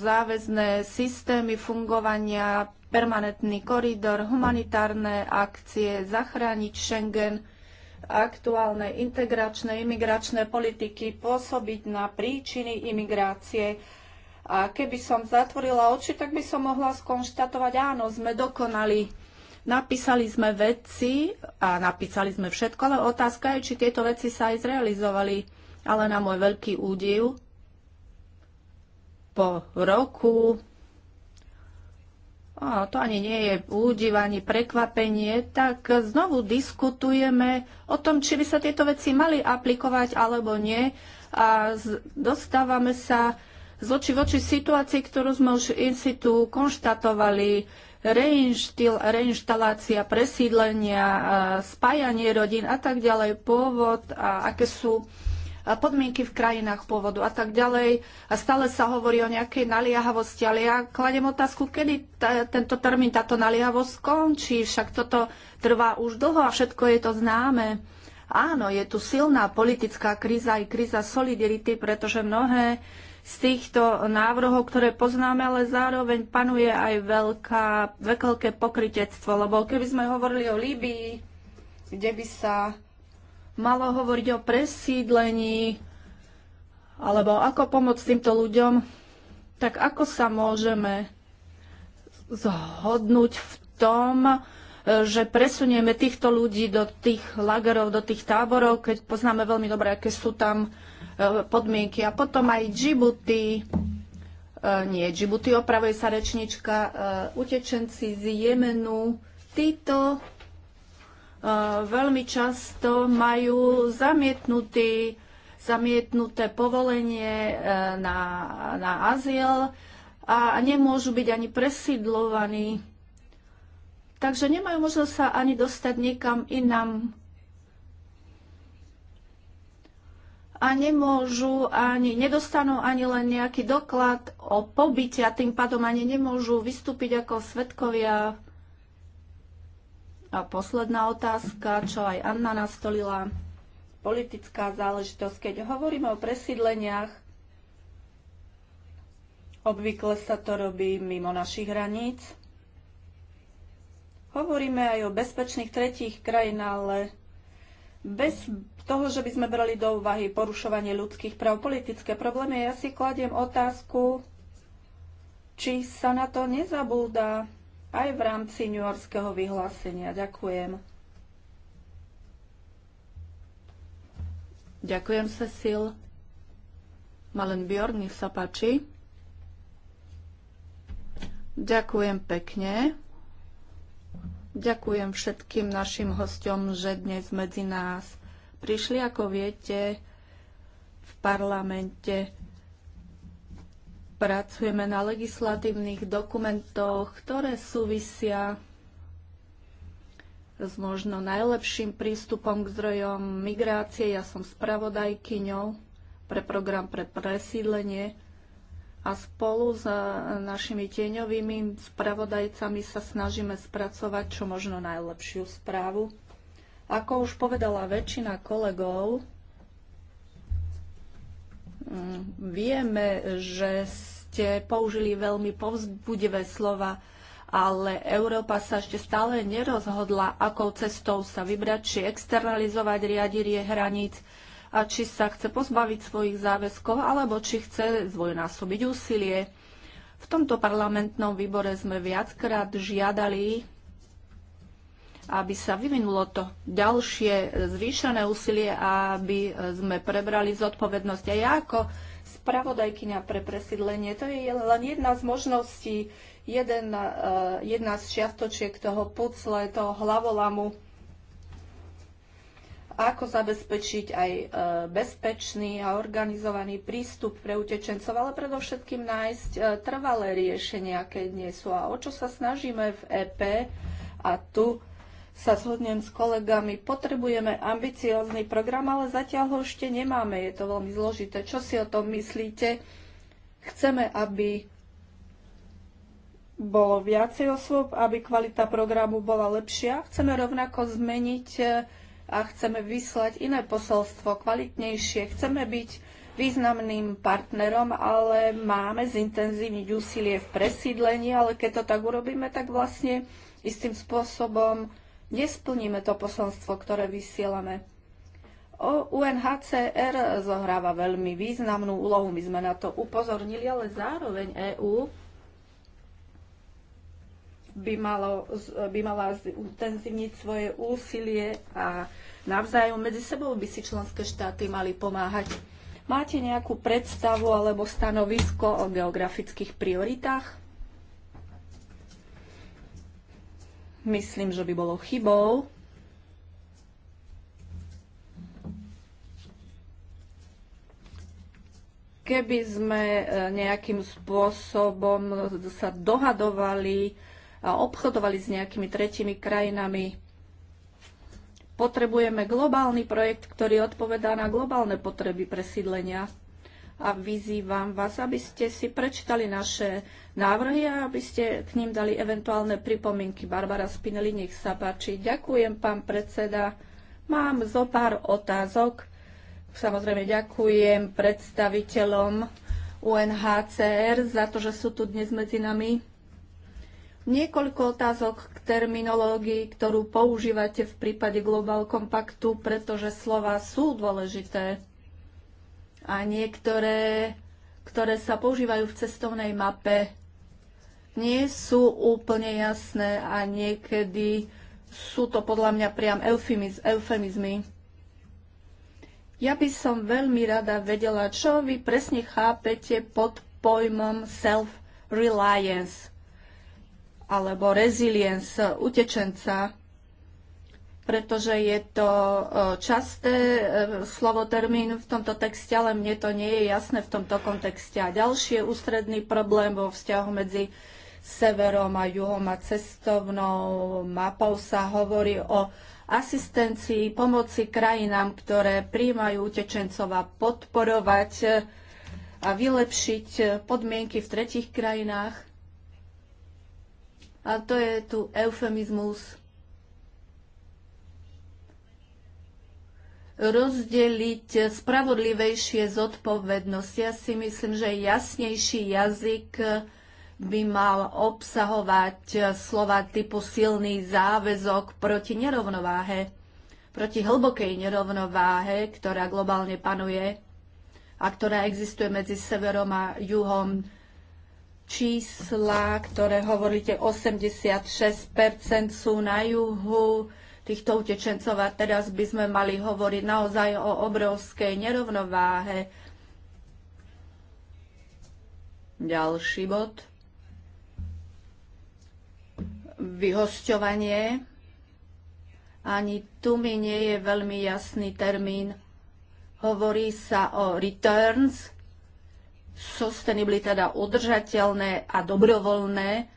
záväzné systémy fungovania permanentný koridor, humanitárne akcie, zachrániť Schengen, aktuálne integračné imigračné politiky, pôsobiť na príčiny imigrácie. A keby som zatvorila oči, tak by som mohla skonštatovať, áno, sme dokonali. Napísali sme veci a napísali sme všetko, ale otázka je, či tieto veci sa aj zrealizovali. Ale na môj veľký údiv, po roku a to ani nie je údiv, ani prekvapenie, tak znovu diskutujeme o tom, či by sa tieto veci mali aplikovať alebo nie. A z, dostávame sa z oči oči situácii, ktorú sme už in situ konštatovali, reinštil, reinštalácia, presídlenia, spájanie rodín a tak ďalej, pôvod a aké sú podmienky v krajinách pôvodu a tak ďalej. A stále sa hovorí o nejakej naliehavosti, ale ja kladem otázku, kedy tento termín, táto naliehavosť skončí. Však toto trvá už dlho a všetko je to známe. Áno, je tu silná politická kríza i kríza solidarity, pretože mnohé z týchto návrhov, ktoré poznáme, ale zároveň panuje aj veľká, veľké pokritectvo, lebo keby sme hovorili o Líbii, kde by sa malo hovoriť o presídlení alebo ako pomôcť týmto ľuďom, tak ako sa môžeme zhodnúť v tom, že presunieme týchto ľudí do tých lagerov, do tých táborov, keď poznáme veľmi dobre, aké sú tam e, podmienky. A potom aj Džibuty, e, nie Džibuty, opravuje sa rečnička, e, utečenci z Jemenu, títo E, veľmi často majú zamietnutý, zamietnuté povolenie e, na, na azyl a nemôžu byť ani presídlovaní. Takže nemajú možnosť sa ani dostať niekam inam. A nemôžu ani, nedostanú ani len nejaký doklad o pobyte a tým pádom ani nemôžu vystúpiť ako svetkovia a posledná otázka, čo aj Anna nastolila, politická záležitosť. Keď hovoríme o presídleniach, obvykle sa to robí mimo našich hraníc. Hovoríme aj o bezpečných tretích krajín, ale bez toho, že by sme brali do úvahy porušovanie ľudských práv, politické problémy, ja si kladiem otázku, či sa na to nezabúda aj v rámci New Yorkského vyhlásenia. Ďakujem. Ďakujem, Cecil. Malen Bjorn, nech sa páči. Ďakujem pekne. Ďakujem všetkým našim hostom, že dnes medzi nás prišli. Ako viete, v parlamente pracujeme na legislatívnych dokumentoch, ktoré súvisia s možno najlepším prístupom k zdrojom migrácie. Ja som spravodajkyňou pre program pre presídlenie a spolu s e, našimi tieňovými spravodajcami sa snažíme spracovať čo možno najlepšiu správu. Ako už povedala väčšina kolegov, Vieme, že ste použili veľmi povzbudivé slova, ale Európa sa ešte stále nerozhodla, akou cestou sa vybrať, či externalizovať riadirie hraníc a či sa chce pozbaviť svojich záväzkov, alebo či chce zvojnásobiť úsilie. V tomto parlamentnom výbore sme viackrát žiadali aby sa vyvinulo to ďalšie zvýšené úsilie a aby sme prebrali zodpovednosť. A ja ako spravodajkyňa pre presídlenie, to je len jedna z možností, jeden, eh, jedna z čiastočiek toho pucle, toho hlavolamu, ako zabezpečiť aj eh, bezpečný a organizovaný prístup pre utečencov, ale predovšetkým nájsť eh, trvalé riešenia, keď nie sú. A o čo sa snažíme v EP a tu sa zhodnem s kolegami. Potrebujeme ambiciózny program, ale zatiaľ ho ešte nemáme. Je to veľmi zložité. Čo si o tom myslíte? Chceme, aby bolo viacej osôb, aby kvalita programu bola lepšia. Chceme rovnako zmeniť eh, a chceme vyslať iné posolstvo, kvalitnejšie. Chceme byť významným partnerom, ale máme zintenzívniť úsilie v presídlení, ale keď to tak urobíme, tak vlastne istým spôsobom nesplníme to posolstvo, ktoré vysielame. O UNHCR zohráva veľmi významnú úlohu, my sme na to upozornili, ale zároveň EÚ by, malo, by mala intenzívniť svoje úsilie a navzájom medzi sebou by si členské štáty mali pomáhať. Máte nejakú predstavu alebo stanovisko o geografických prioritách? Myslím, že by bolo chybou keby sme e, nejakým spôsobom sa dohadovali a obchodovali s nejakými tretimi krajinami. Potrebujeme globálny projekt, ktorý odpovedá na globálne potreby presídlenia a vyzývam vás, aby ste si prečítali naše návrhy a aby ste k ním dali eventuálne pripomienky. Barbara Spinelli, nech sa páči. Ďakujem, pán predseda. Mám zo pár otázok. Samozrejme, ďakujem predstaviteľom UNHCR za to, že sú tu dnes medzi nami. Niekoľko otázok k terminológii, ktorú používate v prípade Global Compactu, pretože slova sú dôležité a niektoré, ktoré sa používajú v cestovnej mape, nie sú úplne jasné a niekedy sú to podľa mňa priam eufemiz, eufemizmy. Ja by som veľmi rada vedela, čo vy presne chápete pod pojmom self-reliance alebo resilience, utečenca pretože je to e, časté e, slovo termín v tomto texte, ale mne to nie je jasné v tomto kontexte. A ďalší je ústredný problém vo vzťahu medzi severom a juhom a cestovnou mapou sa hovorí o asistencii, pomoci krajinám, ktoré príjmajú utečencov a podporovať e, a vylepšiť podmienky v tretich krajinách. A to je tu eufemizmus rozdeliť spravodlivejšie zodpovednosti. Ja si myslím, že jasnejší jazyk by mal obsahovať slova typu silný záväzok proti nerovnováhe, proti hlbokej nerovnováhe, ktorá globálne panuje a ktorá existuje medzi severom a juhom. Čísla, ktoré hovoríte, 86% sú na juhu, týchto utečencov a teraz by sme mali hovoriť naozaj o obrovskej nerovnováhe. Ďalší bod. Vyhosťovanie. Ani tu mi nie je veľmi jasný termín. Hovorí sa o returns, sustainably teda udržateľné a dobrovoľné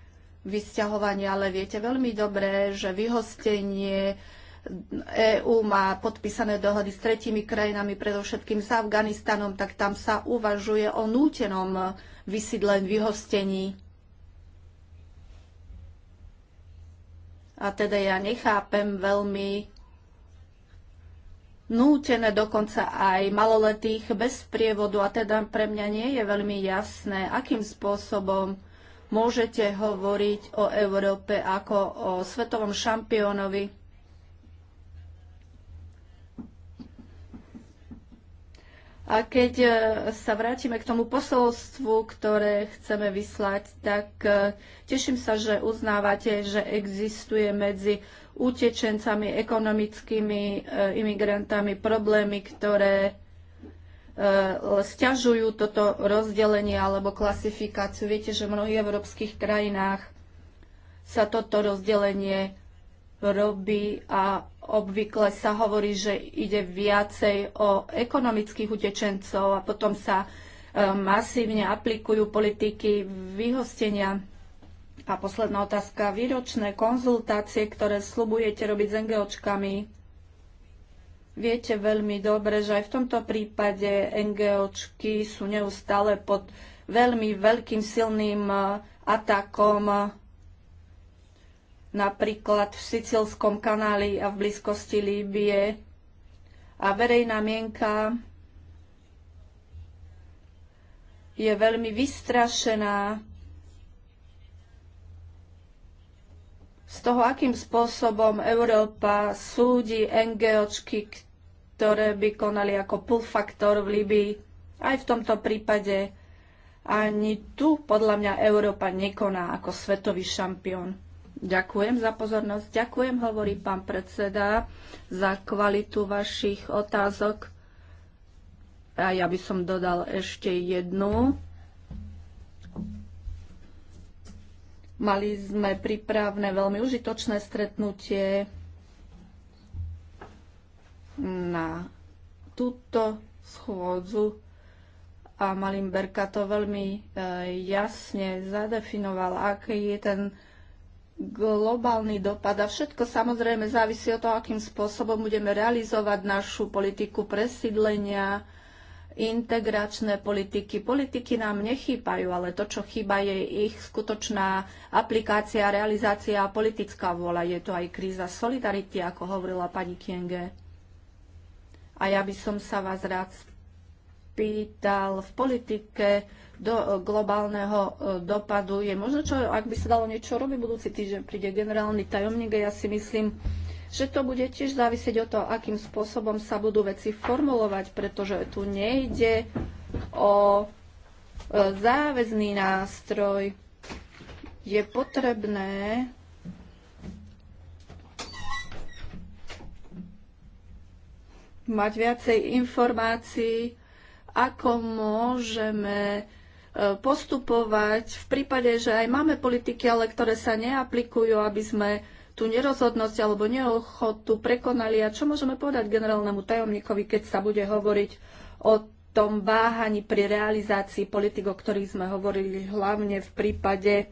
vysťahovanie, ale viete veľmi dobre, že vyhostenie EÚ má podpísané dohody s tretími krajinami, predovšetkým s Afganistanom, tak tam sa uvažuje o nútenom vysídlen vyhostení. A teda ja nechápem veľmi nútené dokonca aj maloletých bez prievodu a teda pre mňa nie je veľmi jasné, akým spôsobom môžete hovoriť o Európe ako o svetovom šampiónovi. A keď e, sa vrátime k tomu posolstvu, ktoré chceme vyslať, tak e, teším sa, že uznávate, že existuje medzi utečencami, ekonomickými e, imigrantami problémy, ktoré E, sťažujú toto rozdelenie alebo klasifikáciu. Viete, že v mnohých európskych krajinách sa toto rozdelenie robí a obvykle sa hovorí, že ide viacej o ekonomických utečencov a potom sa e, masívne aplikujú politiky vyhostenia. A posledná otázka. Výročné konzultácie, ktoré slubujete robiť s NGOčkami, Viete veľmi dobre, že aj v tomto prípade NGOčky sú neustále pod veľmi veľkým silným e, atakom e, napríklad v Sicilskom kanáli a v blízkosti Líbie. A verejná mienka je veľmi vystrašená z toho, akým spôsobom Európa súdi NGOčky, ktoré by konali ako pull faktor v Libii. Aj v tomto prípade ani tu podľa mňa Európa nekoná ako svetový šampión. Ďakujem za pozornosť. Ďakujem, hovorí pán predseda, za kvalitu vašich otázok. A ja by som dodal ešte jednu. Mali sme prípravné veľmi užitočné stretnutie na túto schôdzu a Malimberka to veľmi e, jasne zadefinovala, aký je ten globálny dopad a všetko samozrejme závisí od toho, akým spôsobom budeme realizovať našu politiku presídlenia, integračné politiky. Politiky nám nechýbajú, ale to, čo chýba, je ich skutočná aplikácia, realizácia a politická vôľa. Je to aj kríza solidarity, ako hovorila pani Kienge. A ja by som sa vás rád spýtal v politike do globálneho e, dopadu. Je možno, čo, ak by sa dalo niečo robiť budúci týždeň, príde generálny tajomník a ja si myslím, že to bude tiež závisieť od toho, akým spôsobom sa budú veci formulovať, pretože tu nejde o e, záväzný nástroj. Je potrebné mať viacej informácií, ako môžeme e, postupovať v prípade, že aj máme politiky, ale ktoré sa neaplikujú, aby sme tú nerozhodnosť alebo neochotu prekonali a čo môžeme povedať generálnemu tajomníkovi, keď sa bude hovoriť o tom váhaní pri realizácii politik, o ktorých sme hovorili hlavne v prípade e,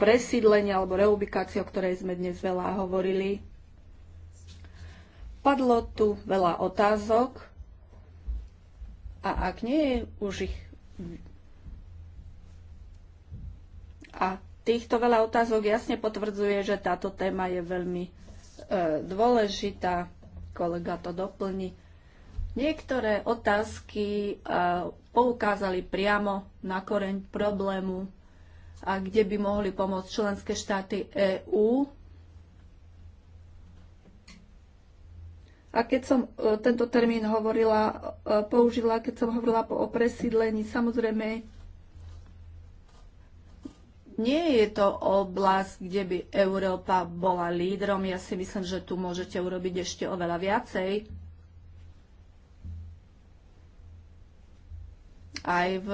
presídlenia alebo reubikácie, o ktorej sme dnes veľa hovorili. Padlo tu veľa otázok a ak nie, už ich a týchto veľa otázok jasne potvrdzuje, že táto téma je veľmi e, dôležitá. Kolega to doplní. Niektoré otázky e, poukázali priamo na koreň problému a kde by mohli pomôcť členské štáty EÚ. A keď som e, tento termín hovorila, e, použila, keď som hovorila o presídlení, samozrejme nie je to oblasť, kde by Európa bola lídrom. Ja si myslím, že tu môžete urobiť ešte oveľa viacej. Aj v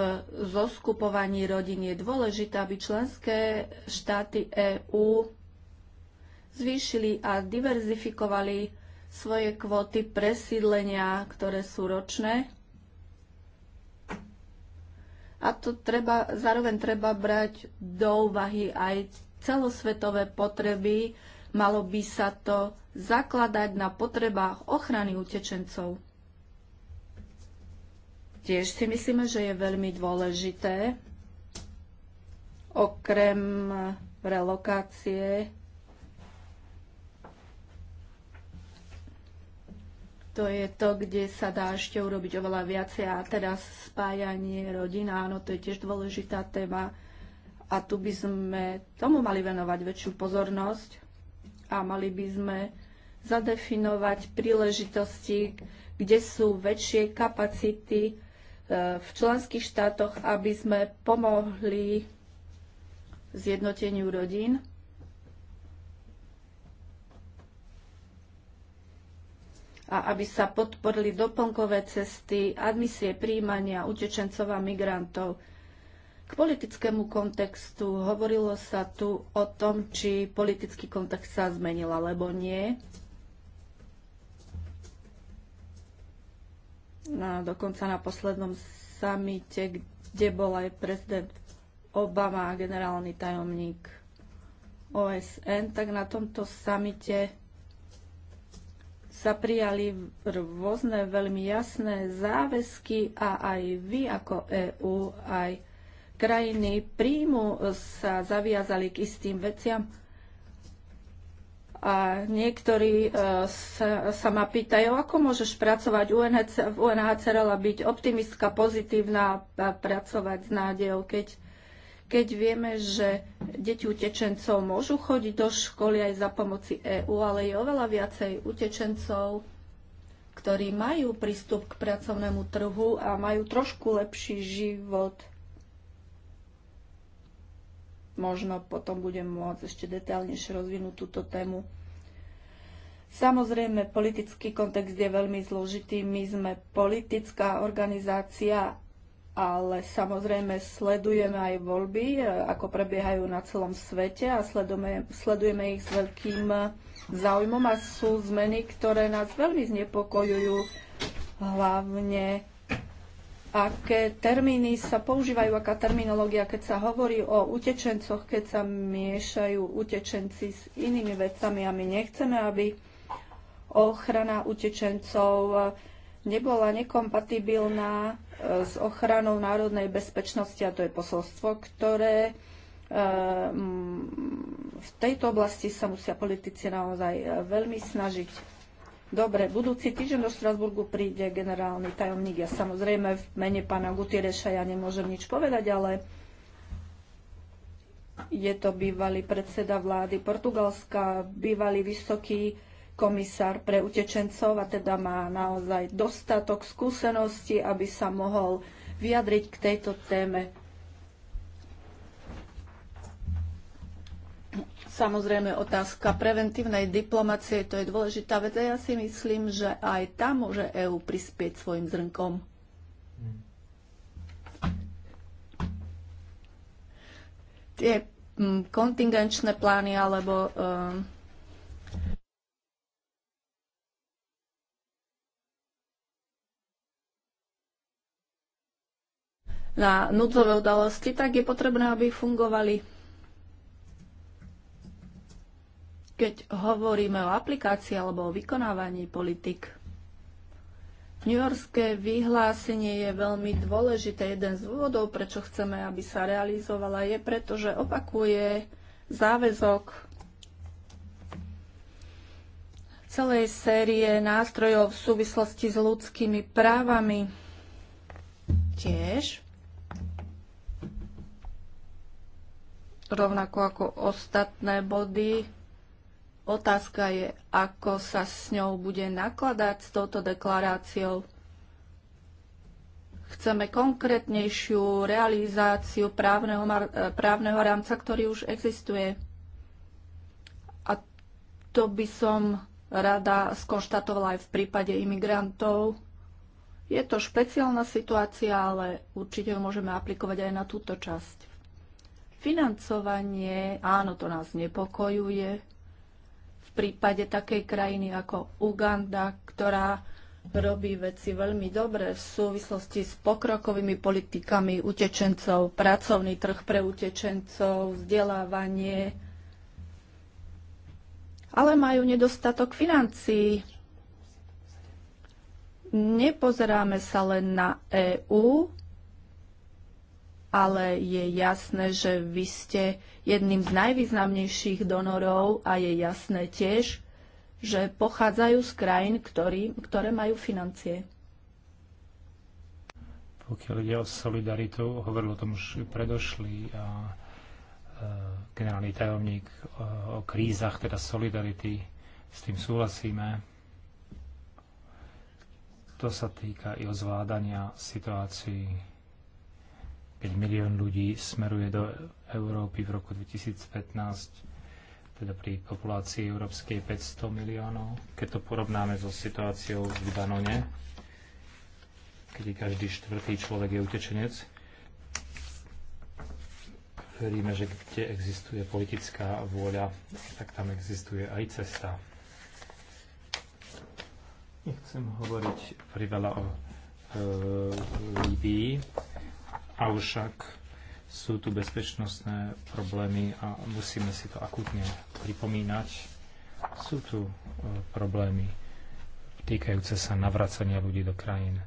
zoskupovaní rodín je dôležité, aby členské štáty EÚ zvýšili a diverzifikovali svoje kvóty presídlenia, ktoré sú ročné a to treba, zároveň treba brať do úvahy aj celosvetové potreby. Malo by sa to zakladať na potrebách ochrany utečencov. Tiež si myslíme, že je veľmi dôležité okrem relokácie to je to, kde sa dá ešte urobiť oveľa viacej. A teraz spájanie rodín, áno, to je tiež dôležitá téma. A tu by sme tomu mali venovať väčšiu pozornosť a mali by sme zadefinovať príležitosti, kde sú väčšie kapacity e, v členských štátoch, aby sme pomohli zjednoteniu rodín a aby sa podporili doplnkové cesty, admisie príjmania utečencov a migrantov. K politickému kontextu hovorilo sa tu o tom, či politický kontext sa zmenil alebo nie. No, dokonca na poslednom samite, kde bol aj prezident Obama a generálny tajomník OSN, tak na tomto samite sa prijali rôzne veľmi jasné záväzky a aj vy ako EÚ, aj krajiny príjmu sa zaviazali k istým veciam. A niektorí e, sa, sa ma pýtajú, ako môžeš pracovať v UNHCR a byť optimistka, pozitívna a pracovať s nádejou, keď keď vieme, že deti utečencov môžu chodiť do školy aj za pomoci EÚ, ale je oveľa viacej utečencov, ktorí majú prístup k pracovnému trhu a majú trošku lepší život. Možno potom budem môcť ešte detailnejšie rozvinúť túto tému. Samozrejme, politický kontext je veľmi zložitý. My sme politická organizácia ale samozrejme sledujeme aj voľby, e, ako prebiehajú na celom svete a sledujeme, sledujeme ich s veľkým e, záujmom a sú zmeny, ktoré nás veľmi znepokojujú, hlavne aké termíny sa používajú, aká terminológia, keď sa hovorí o utečencoch, keď sa miešajú utečenci s inými vecami a my nechceme, aby ochrana utečencov nebola nekompatibilná e, s ochranou národnej bezpečnosti a to je posolstvo, ktoré e, v tejto oblasti sa musia politici naozaj e, veľmi snažiť. Dobre, budúci týždeň do Strasburgu príde generálny tajomník. Ja samozrejme v mene pána Gutiereša ja nemôžem nič povedať, ale je to bývalý predseda vlády Portugalska, bývalý vysoký komisár pre utečencov a teda má naozaj dostatok skúseností, aby sa mohol vyjadriť k tejto téme. Samozrejme, otázka preventívnej diplomacie, to je dôležitá vec ja si myslím, že aj tam môže EÚ prispieť svojim zrnkom. Tie mm, kontingenčné plány alebo um, na núdzové udalosti, tak je potrebné, aby fungovali. Keď hovoríme o aplikácii alebo o vykonávaní politik, Newyorské vyhlásenie je veľmi dôležité. Jeden z dôvodov, prečo chceme, aby sa realizovala, je preto, že opakuje záväzok celej série nástrojov v súvislosti s ľudskými právami. Tiež rovnako ako ostatné body. Otázka je, ako sa s ňou bude nakladať s touto deklaráciou. Chceme konkrétnejšiu realizáciu právneho, e, právneho rámca, ktorý už existuje. A to by som rada skonštatovala aj v prípade imigrantov. Je to špeciálna situácia, ale určite ju môžeme aplikovať aj na túto časť. Financovanie, áno, to nás nepokojuje. V prípade takej krajiny ako Uganda, ktorá robí veci veľmi dobre v súvislosti s pokrokovými politikami utečencov, pracovný trh pre utečencov, vzdelávanie, ale majú nedostatok financií. Nepozeráme sa len na EÚ, ale je jasné, že vy ste jedným z najvýznamnejších donorov a je jasné tiež, že pochádzajú z krajín, ktorý, ktoré majú financie. Pokiaľ ide o solidaritu, hovoril o tom už predošli a e, generálny tajomník o, e, o krízach, teda solidarity, s tým súhlasíme. To sa týka i o zvládania situácií 5 milión ľudí smeruje do Európy v roku 2015, teda pri populácii európskej 500 miliónov. Keď to porovnáme so situáciou v Libanone, kedy každý štvrtý človek je utečenec, veríme, že kde existuje politická vôľa, tak tam existuje aj cesta. Nechcem hovoriť priveľa o e, Líbii, Avšak sú tu bezpečnostné problémy a musíme si to akutne pripomínať. Sú tu e, problémy týkajúce sa navracania ľudí do krajín,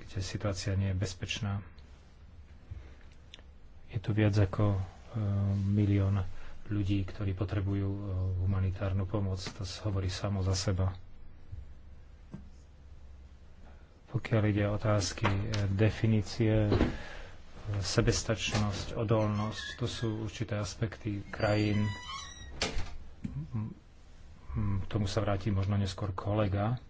kde situácia nie je bezpečná. Je tu viac ako e, milión ľudí, ktorí potrebujú e, humanitárnu pomoc. To hovorí samo za seba. Pokiaľ ide o otázky definície sebestačnosť, odolnosť, to sú určité aspekty krajín. K tomu sa vráti možno neskôr kolega.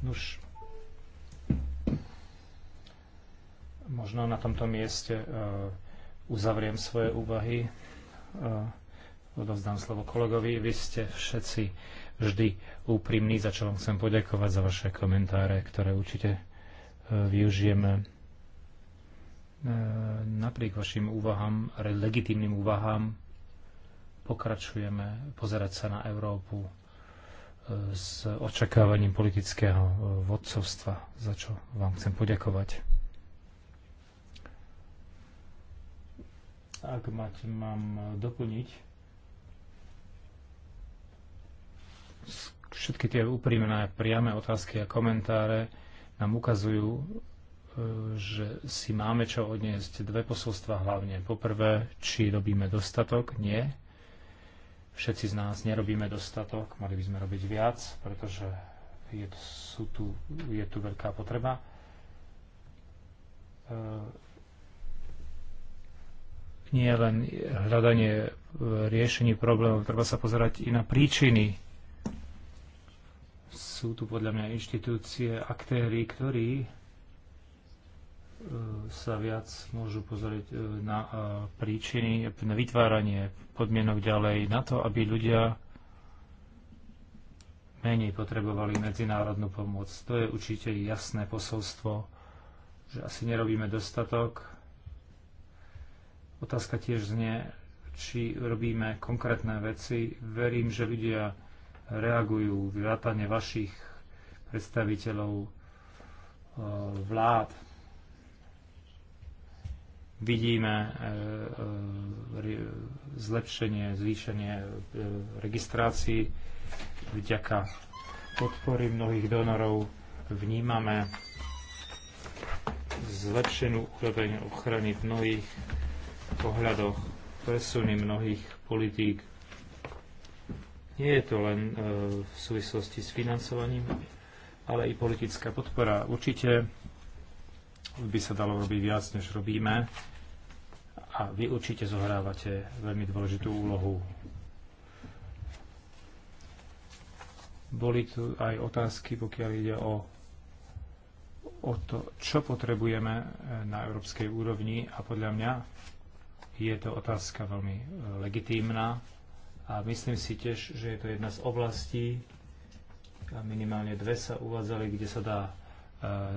Nuž, možno na tomto mieste e, uzavriem svoje úvahy. E, odovzdám slovo kolegovi. Vy ste všetci vždy úprimní, za čo vám chcem poďakovať za vaše komentáre, ktoré určite využijeme e, napriek vašim úvahám, legitimným úvahám, pokračujeme pozerať sa na Európu e, s očakávaním politického e, vodcovstva, za čo vám chcem poďakovať. Ak máte, mám doplniť všetky tie úprimné priame otázky a komentáre, nám ukazujú, e, že si máme čo odniesť dve posolstva hlavne. Poprvé, či robíme dostatok? Nie. Všetci z nás nerobíme dostatok, mali by sme robiť viac, pretože je, sú tu, je tu veľká potreba. E, nie len hľadanie e, riešení problémov, treba sa pozerať i na príčiny sú tu podľa mňa inštitúcie, aktéry, ktorí e, sa viac môžu pozrieť e, na e, príčiny, na vytváranie podmienok ďalej, na to, aby ľudia menej potrebovali medzinárodnú pomoc. To je určite jasné posolstvo, že asi nerobíme dostatok. Otázka tiež znie, či robíme konkrétne veci. Verím, že ľudia reagujú, vrátane vašich predstaviteľov e, vlád. Vidíme e, e, zlepšenie, zvýšenie registrácií vďaka podpory mnohých donorov. Vnímame zlepšenú úroveň ochrany v mnohých pohľadoch, presuny mnohých politík nie je to len e, v súvislosti s financovaním, ale i politická podpora. Určite by sa dalo robiť viac, než robíme. A vy určite zohrávate veľmi dôležitú úlohu. Boli tu aj otázky, pokiaľ ide o, o to, čo potrebujeme e, na európskej úrovni a podľa mňa je to otázka veľmi e, legitímna, a myslím si tiež, že je to jedna z oblastí, minimálne dve sa uvádzali, kde sa dá e,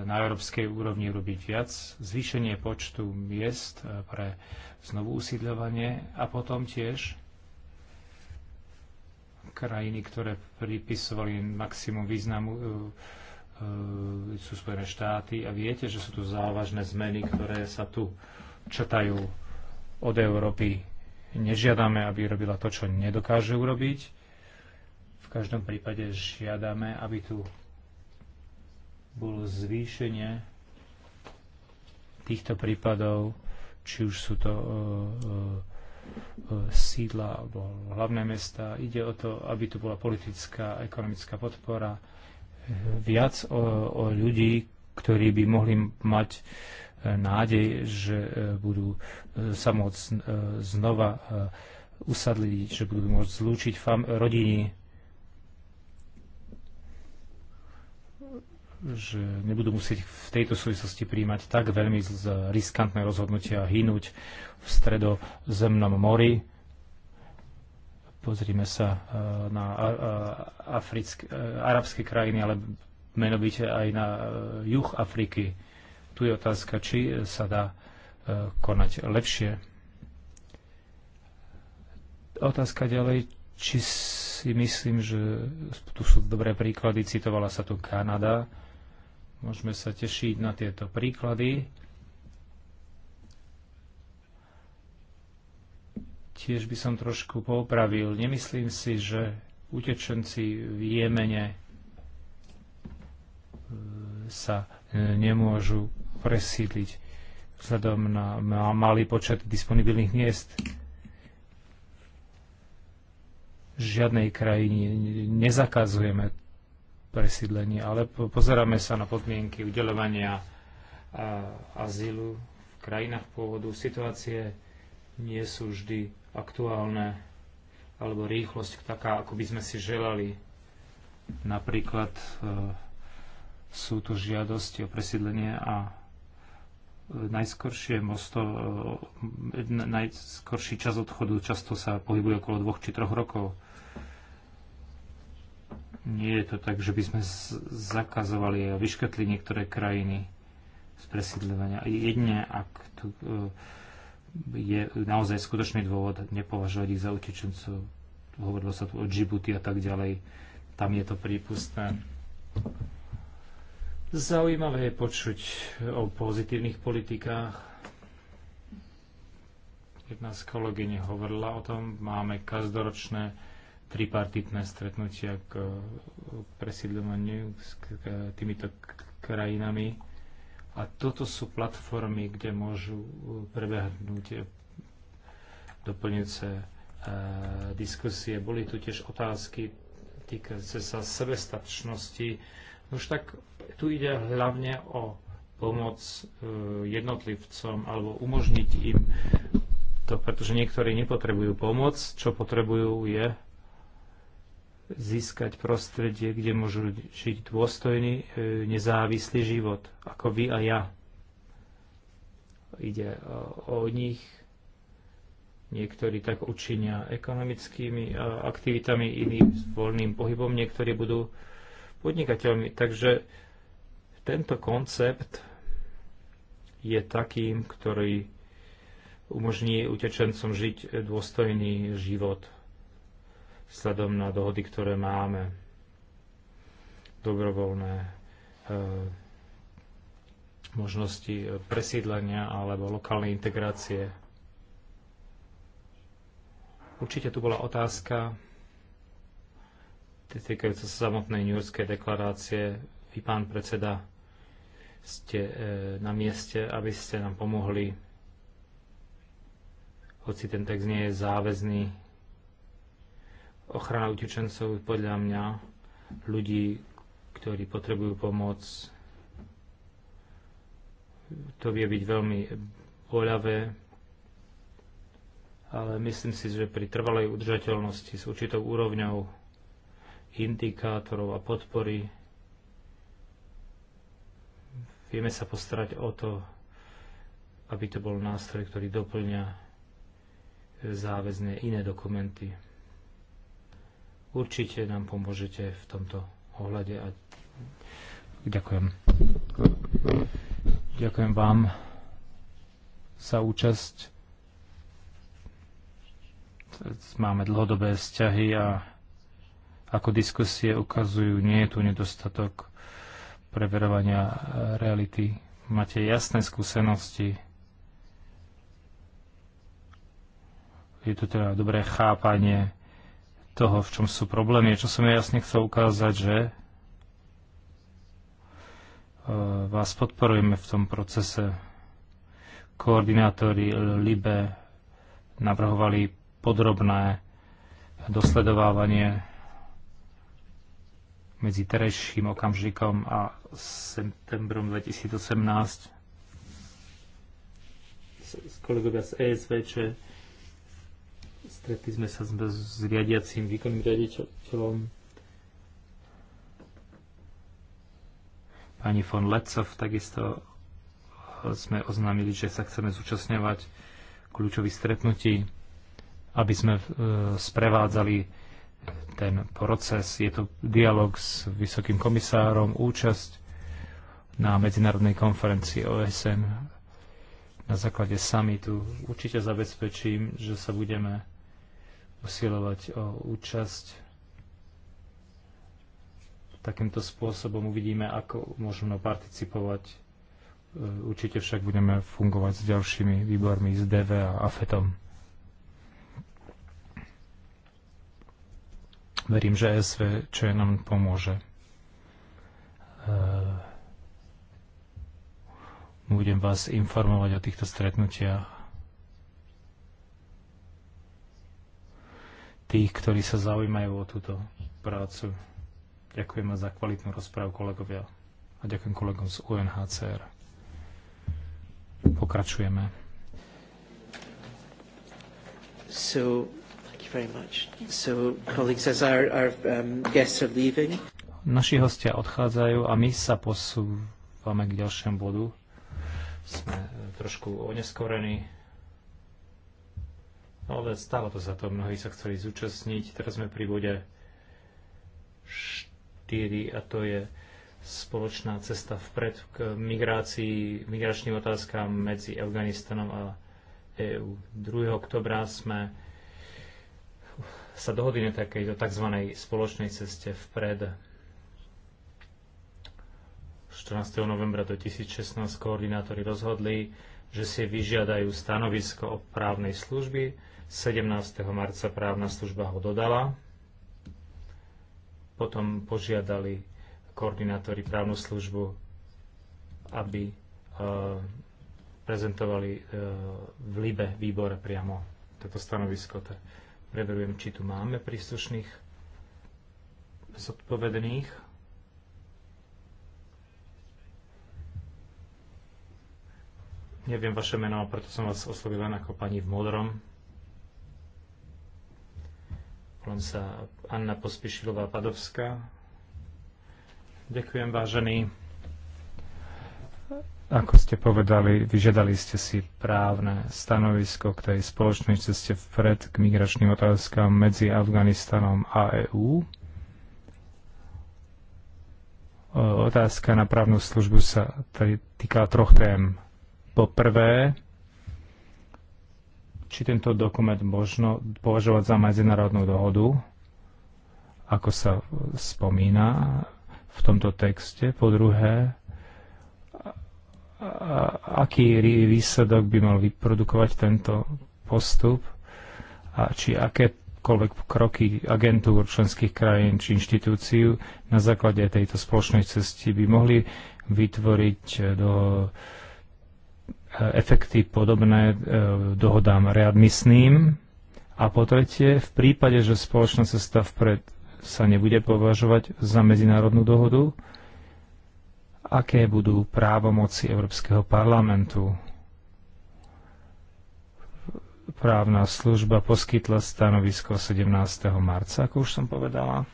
na európskej úrovni robiť viac, zvýšenie počtu miest e, pre znovu usídľovanie a potom tiež krajiny, ktoré pripisovali maximum významu, e, sú Spojené štáty a viete, že sú tu závažné zmeny, ktoré sa tu četajú od Európy Nežiadame, aby robila to, čo nedokáže urobiť. V každom prípade žiadame, aby tu bolo zvýšenie týchto prípadov, či už sú to e, e, e, sídla alebo hlavné mesta. Ide o to, aby tu bola politická a ekonomická podpora viac o, o ľudí, ktorí by mohli mať nádej, že e, budú e, sa môcť e, znova usadliť, že budú môcť zlúčiť rodiny, že nebudú musieť v tejto súvislosti príjmať tak veľmi riskantné rozhodnutia hynúť v stredozemnom mori. Pozrime sa na arabské krajiny, ale menovite aj na juh Afriky tu je otázka, či e, sa dá e, konať lepšie. Otázka ďalej, či si myslím, že tu sú dobré príklady, citovala sa tu Kanada. Môžeme sa tešiť na tieto príklady. Tiež by som trošku popravil. Nemyslím si, že utečenci v Jemene e, sa nemôžu presídliť vzhľadom na malý počet disponibilných miest. Žiadnej krajine nezakazujeme presídlenie, ale pozeráme sa na podmienky udelovania azylu v krajinách pôvodu. Situácie nie sú vždy aktuálne alebo rýchlosť taká, ako by sme si želali. Napríklad e, sú tu žiadosti o presídlenie a najskoršie mosto, e, najskorší čas odchodu často sa pohybuje okolo dvoch či troch rokov. Nie je to tak, že by sme zakazovali a vyškrtli niektoré krajiny z presídľovania. Jedne, ak tu e, je naozaj skutočný dôvod nepovažovať ich za utečencov. Hovorilo sa tu o Džibuti a tak ďalej. Tam je to prípustné. Zaujímavé je počuť o pozitívnych politikách. Jedna z kolegyň hovorila o tom. Máme každoročné tripartitné stretnutia k presídľovaniu s týmito krajinami. A toto sú platformy, kde môžu prebehnúť doplňujúce e, diskusie. Boli tu tiež otázky týkajúce sa sebestačnosti už tak tu ide hlavne o pomoc e, jednotlivcom alebo umožniť im to, pretože niektorí nepotrebujú pomoc. Čo potrebujú je získať prostredie, kde môžu žiť dôstojný, e, nezávislý život, ako vy a ja. Ide e, o nich, niektorí tak učinia ekonomickými aktivitami, iní voľným pohybom, niektorí budú podnikateľmi. Takže tento koncept je takým, ktorý umožní utečencom žiť dôstojný život sledom na dohody, ktoré máme. Dobrovoľné e, možnosti presídlenia alebo lokálnej integrácie. Určite tu bola otázka týkajúce sa samotnej New Yorkskej deklarácie. Vy, pán predseda, ste e, na mieste, aby ste nám pomohli. Hoci ten text nie je záväzný, ochrana utečencov podľa mňa ľudí, ktorí potrebujú pomoc, to vie byť veľmi boľavé, ale myslím si, že pri trvalej udržateľnosti s určitou úrovňou indikátorov a podpory. Vieme sa postarať o to, aby to bol nástroj, ktorý doplňa záväzné iné dokumenty. Určite nám pomôžete v tomto ohľade a ďakujem. Ďakujem vám za účasť. Máme dlhodobé vzťahy a ako diskusie ukazujú, nie je tu nedostatok preverovania e, reality. Máte jasné skúsenosti. Je tu teda dobré chápanie toho, v čom sú problémy. Čo som ja jasne chcel ukázať, že e, vás podporujeme v tom procese. Koordinátori LIBE navrhovali podrobné dosledovávanie medzi terajším okamžikom a septembrom 2018 kolegovia z ESVČ stretli sme sa s riadiacím výkonným riaditeľom pani von Lecov takisto eh, sme oznámili, že sa chceme zúčastňovať kľúčových stretnutí, aby sme eh, sprevádzali ten proces. Je to dialog s vysokým komisárom, účasť na medzinárodnej konferencii OSN na základe summitu. Určite zabezpečím, že sa budeme usilovať o účasť. Takýmto spôsobom uvidíme, ako možno participovať. E, určite však budeme fungovať s ďalšími výbormi, s DV a AFETom. Verím, že SV, čo nám pomôže. E, budem vás informovať o týchto stretnutiach. Tých, ktorí sa zaujímajú o túto prácu. Ďakujem za kvalitnú rozprávu kolegovia a ďakujem kolegom z UNHCR. Pokračujeme. So very much. So, colleagues, as our, our um, guests are leaving... Naši hostia odchádzajú a my sa posúvame k ďalšiemu bodu. Sme eh, trošku oneskorení, ale stalo to za to, mnohí sa chceli zúčastniť. Teraz sme pri bode 4 a to je spoločná cesta vpred k migrácii, migračným otázkam medzi Afganistanom a EU. 2. oktobra sme sa dohodli na takejto tzv. spoločnej ceste vpred. 14. novembra 2016 koordinátori rozhodli, že si vyžiadajú stanovisko o právnej služby. 17. marca právna služba ho dodala. Potom požiadali koordinátori právnu službu, aby e, prezentovali e, v LIBE výbore priamo toto stanovisko. Preverujem, či tu máme príslušných zodpovedných. Neviem vaše meno, preto som vás oslovil len ako pani v modrom. Volám sa Anna Pospišilová-Padovská. Ďakujem, vážený. Ako ste povedali, vyžiadali ste si právne stanovisko k tej spoločnej ceste vpred k migračným otázkam medzi Afganistanom a EÚ. E, otázka na právnu službu sa týka troch tém. Po prvé, či tento dokument možno považovať za medzinárodnú dohodu, ako sa spomína v tomto texte. Po druhé, aký výsledok by mal vyprodukovať tento postup a či akékoľvek kroky agentúr členských krajín či inštitúciu na základe tejto spoločnej cesty by mohli vytvoriť eh, do eh, efekty podobné eh, dohodám readmisným. A po tretie, v prípade, že spoločná cesta vpred sa nebude považovať za medzinárodnú dohodu, aké budú právomoci Európskeho parlamentu. Právna služba poskytla stanovisko 17. marca, ako už som povedala.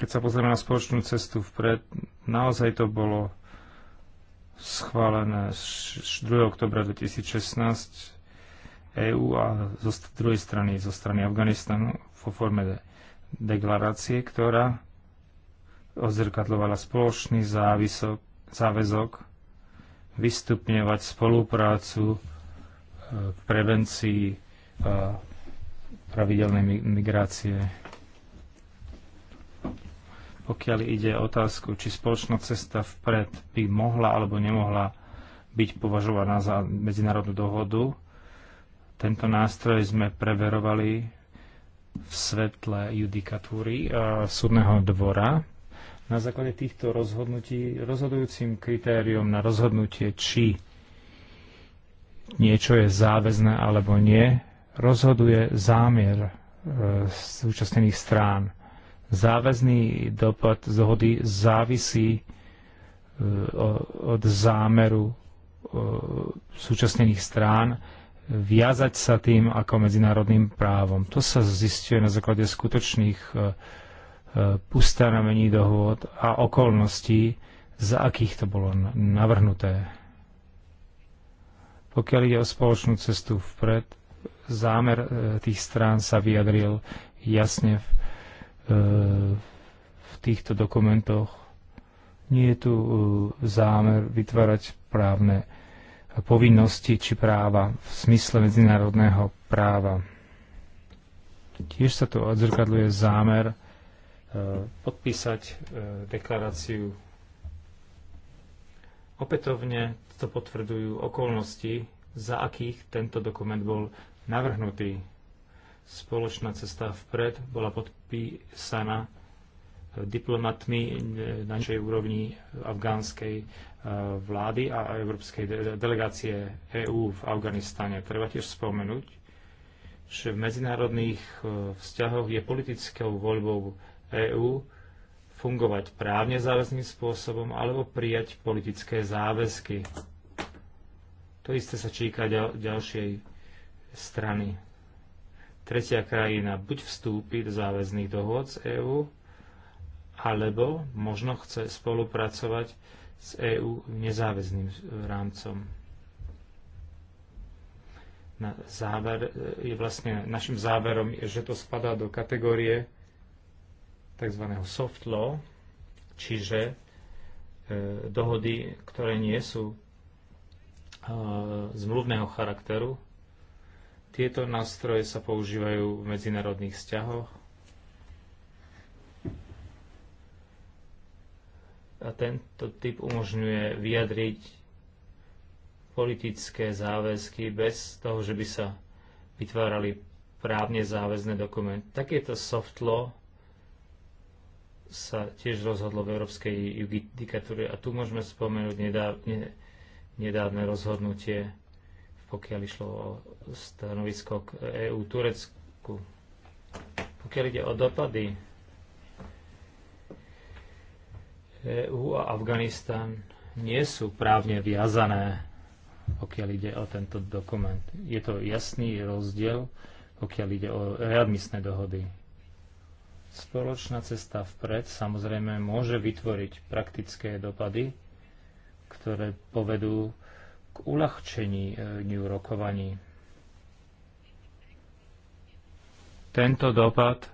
Keď sa pozrieme na spoločnú cestu vpred, naozaj to bolo schválené 2. oktobra 2016 EÚ a zo druhej strany zo strany Afganistanu vo forme deklarácie, ktorá odzrkadlovala spoločný závisok, záväzok vystupňovať spoluprácu e, v prevencii e, pravidelnej migrácie. Pokiaľ ide o otázku, či spoločná cesta vpred by mohla alebo nemohla byť považovaná za medzinárodnú dohodu, tento nástroj sme preverovali v svetle judikatúry e, súdneho dvora na základe týchto rozhodnutí rozhodujúcim kritériom na rozhodnutie, či niečo je záväzné alebo nie, rozhoduje zámier súčasnených e, strán. Záväzný dopad dohody závisí e, od zámeru súčasnených e, strán viazať sa tým ako medzinárodným právom. To sa zistuje na základe skutočných e, ustanovení dohôd a okolností, za akých to bolo navrhnuté. Pokiaľ ide o spoločnú cestu vpred, zámer e, tých strán sa vyjadril jasne v, e, v týchto dokumentoch. Nie je tu e, zámer vytvárať právne povinnosti či práva v smysle medzinárodného práva. Tiež sa tu odzrkadluje zámer Eh, podpísať eh, deklaráciu. Opätovne to potvrdujú okolnosti, za akých tento dokument bol navrhnutý. Spoločná cesta vpred bola podpísaná eh, diplomatmi na našej úrovni afgánskej vlády a európskej delegácie EÚ v Afganistane. Treba tiež spomenúť, že v medzinárodných vzťahoch je politickou voľbou EÚ fungovať právne záväzným spôsobom alebo prijať politické záväzky. To isté sa číka ďal, ďalšej strany. Tretia krajina buď vstúpi do záväzných dohôd z EÚ, alebo možno chce spolupracovať s EÚ nezáväzným rámcom. Na záver je vlastne našim záverom, je, že to spadá do kategórie tzv. soft law, čiže e, dohody, ktoré nie sú e, zmluvného charakteru. Tieto nástroje sa používajú v medzinárodných vzťahoch. A tento typ umožňuje vyjadriť politické záväzky bez toho, že by sa vytvárali právne záväzné dokumenty. Takéto soft law sa tiež rozhodlo v Európskej judikatúre a tu môžeme spomenúť nedávne, nedávne rozhodnutie, pokiaľ išlo o stanovisko k EÚ Turecku. Pokiaľ ide o dopady EÚ a Afganistan nie sú právne viazané, pokiaľ ide o tento dokument. Je to jasný rozdiel, pokiaľ ide o readmisné dohody Spoločná cesta vpred samozrejme môže vytvoriť praktické dopady, ktoré povedú k uľahčení e, dňu rokovaní. Tento dopad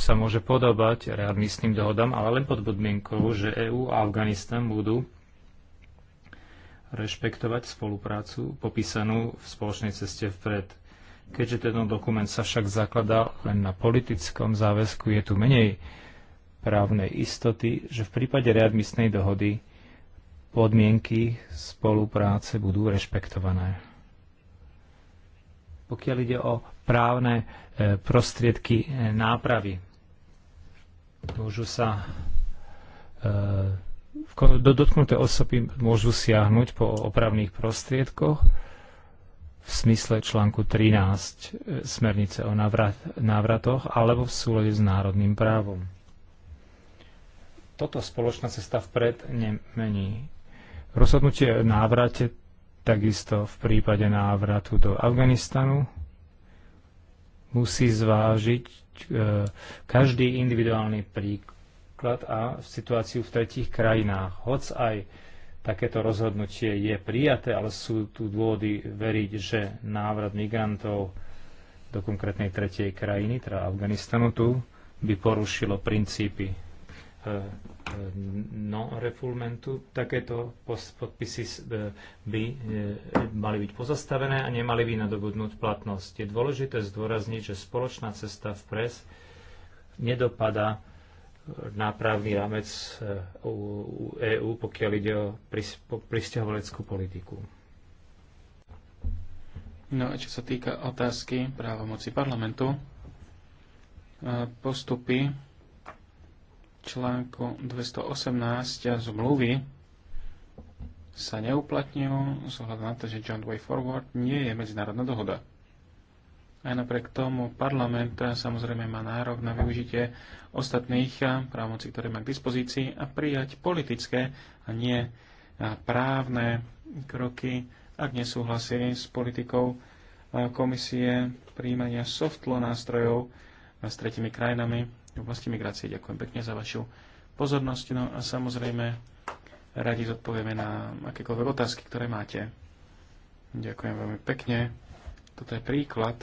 sa môže podobať readmisným dohodám, ale len pod podmienkou, že EÚ a Afganistan budú rešpektovať spoluprácu popísanú v spoločnej ceste vpred. Keďže ten dokument sa však zakladá len na politickom záväzku, je tu menej právnej istoty, že v prípade readmisnej dohody podmienky spolupráce budú rešpektované. Pokiaľ ide o právne e, prostriedky e, nápravy, môžu sa e, dotknuté osoby môžu siahnuť po opravných prostriedkoch, v smysle článku 13 e, smernice o návrat, návratoch alebo v súlede s národným právom. Toto spoločná cesta vpred nemení. Rozhodnutie o návrate takisto v prípade návratu do Afganistanu musí zvážiť e, každý individuálny príklad a situáciu v tretích krajinách. Hoc aj takéto rozhodnutie je prijaté, ale sú tu dôvody veriť, že návrat migrantov do konkrétnej tretej krajiny, teda Afganistanu tu, by porušilo princípy e, e, non-refulmentu. Takéto podpisy e, by mali byť pozastavené a nemali by nadobudnúť platnosť. Je dôležité zdôrazniť, že spoločná cesta v pres nedopada nápravný rámec EÚ, eh, e pokiaľ ide o pristahovaleckú politiku. No a čo sa týka otázky právomoci parlamentu, eh, postupy článku 218 zmluvy sa neuplatňujú vzhľadom na to, že John Way Forward nie je medzinárodná dohoda. Aj napriek tomu parlament eh, samozrejme má nárok na využitie ostatných eh, právomocí, ktoré má k dispozícii a prijať politické a nie eh, právne kroky, ak nesúhlasí s politikou komisie príjmania softlo nástrojov s tretimi krajinami v oblasti migrácie. Ďakujem pekne za vašu pozornosť no a samozrejme radi zodpovieme na akékoľvek otázky, ktoré máte. Ďakujem veľmi pekne. Toto je príklad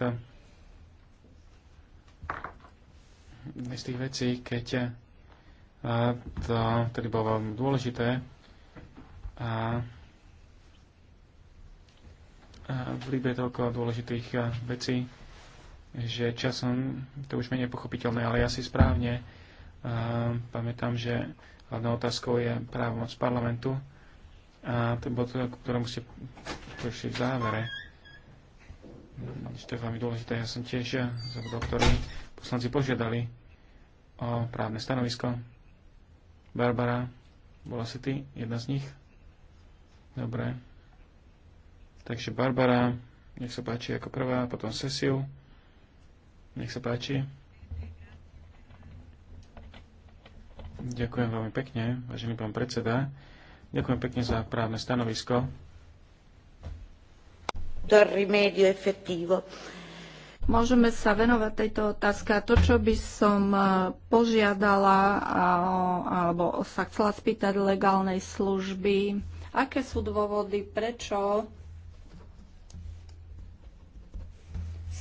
z tých vecí, keď eh, to tedy bolo veľmi dôležité a, v Líbe je toľko dôležitých eh, vecí, že časom to už menej pochopiteľné, ale ja si správne a, eh, pamätám, že hlavnou otázkou je právomoc parlamentu a to bolo to, ktorému ste prišli v závere. Čo mm, je veľmi dôležité, ja som tiež zabudol, ktorý Poslanci požiadali o právne stanovisko. Barbara, bola si ty jedna z nich? Dobre. Takže Barbara, nech sa páči ako prvá, potom Cecil. Nech sa páči. Ďakujem veľmi pekne, vážený pán predseda. Ďakujem pekne za právne stanovisko. Do rimedio effettivo. Môžeme sa venovať tejto otázke a to, čo by som e, požiadala alebo sa chcela spýtať legálnej služby, aké sú dôvody, prečo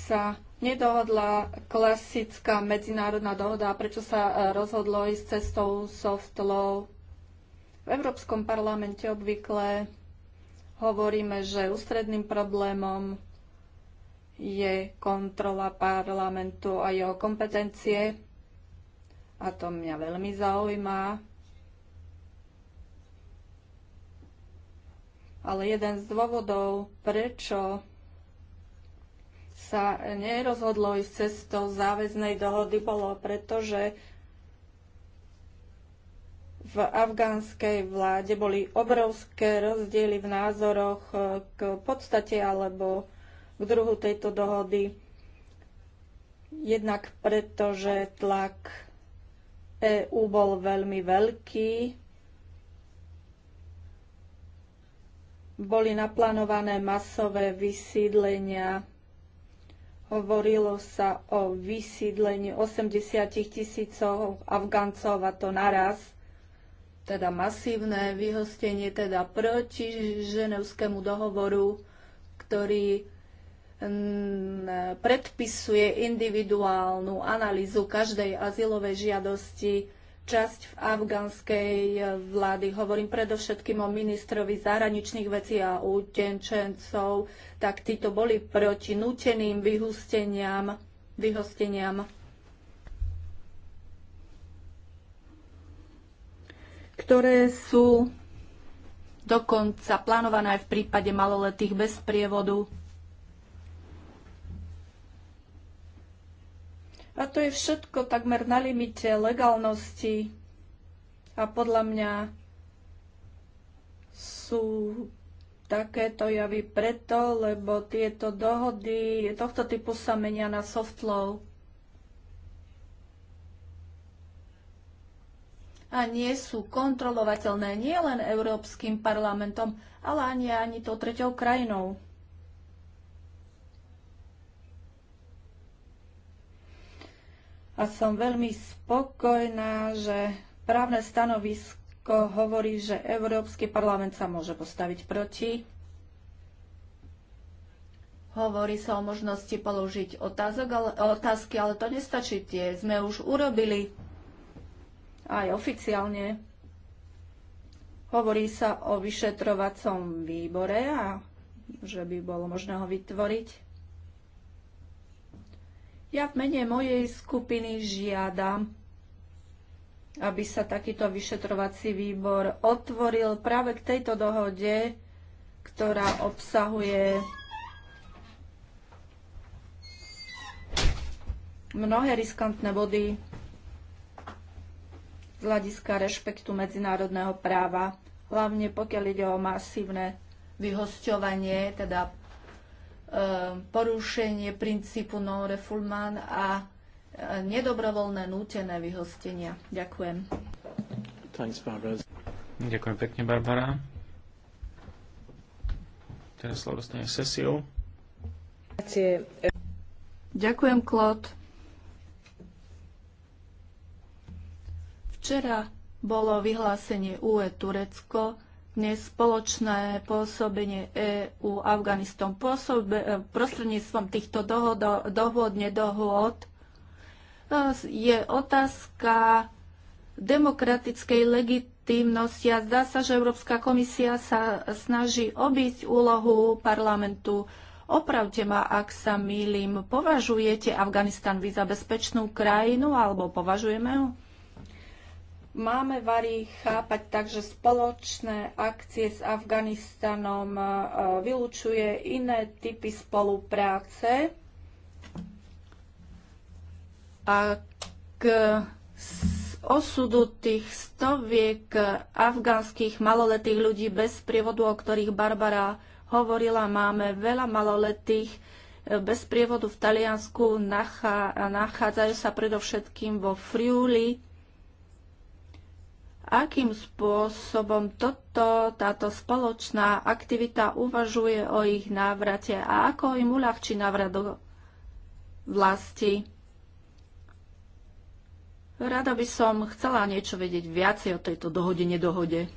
sa nedohodla klasická medzinárodná dohoda a prečo sa e, rozhodlo ísť cestou soft law. V Európskom parlamente obvykle hovoríme, že ústredným problémom je kontrola parlamentu a jeho kompetencie. A to mňa veľmi zaujíma. Ale jeden z dôvodov, prečo sa nerozhodlo ísť cestou záväznej dohody, bolo pretože v afgánskej vláde boli obrovské rozdiely v názoroch eh, k podstate alebo k druhu tejto dohody. Jednak preto, že tlak EÚ bol veľmi veľký, boli naplánované masové vysídlenia. Hovorilo sa o vysídlení 80 tisícov Afgancov a to naraz. Teda masívne vyhostenie teda proti ženevskému dohovoru, ktorý predpisuje individuálnu analýzu každej azylovej žiadosti. Časť v afgánskej vlády, hovorím predovšetkým o ministrovi zahraničných vecí a utenčencov, tak títo boli proti núteným vyhusteniam, vyhosteniam, ktoré sú dokonca plánované aj v prípade maloletých bez prievodu. A to je všetko takmer na limite legálnosti a podľa mňa sú takéto javy preto, lebo tieto dohody tohto typu sa menia na soft law. A nie sú kontrolovateľné nielen Európskym parlamentom, ale ani, ani tou treťou krajinou. A som veľmi spokojná, že právne stanovisko hovorí, že Európsky parlament sa môže postaviť proti. Hovorí sa o možnosti položiť otázok, ale, otázky, ale to nestačí. Tie sme už urobili aj oficiálne. Hovorí sa o vyšetrovacom výbore a že by bolo možné ho vytvoriť. Ja v mene mojej skupiny žiadam, aby sa takýto vyšetrovací výbor otvoril práve k tejto dohode, ktorá obsahuje mnohé riskantné body z hľadiska rešpektu medzinárodného práva, hlavne pokiaľ ide o masívne vyhosťovanie, teda Ehm, porušenie princípu non refoulement a e, nedobrovoľné nútené vyhostenia. Ďakujem. Thanks, Ďakujem pekne, Barbara. Teraz slovo dostane Cecil. Ďakujem, Claude. Včera bolo vyhlásenie UE Turecko dnes spoločné pôsobenie EU Afganistom pôsobe, e, prostredníctvom týchto dohod, dohod, nedohod e, je otázka demokratickej legitimnosti a zdá sa, že Európska komisia sa snaží obísť úlohu parlamentu. Opravte ma, ak sa milím, považujete Afganistan vy za bezpečnú krajinu alebo považujeme ho? Máme Vary chápať tak, že spoločné akcie s Afganistanom e, vylučuje iné typy spolupráce a k osudu tých stoviek afgánskych maloletých ľudí bez prievodu, o ktorých Barbara hovorila, máme veľa maloletých e, bez prievodu v Taliansku, nachádzajú sa predovšetkým vo Friuli, akým spôsobom toto, táto spoločná aktivita uvažuje o ich návrate a ako im uľahčí návrat do vlasti. Rada by som chcela niečo vedieť viacej o tejto dohode, nedohode.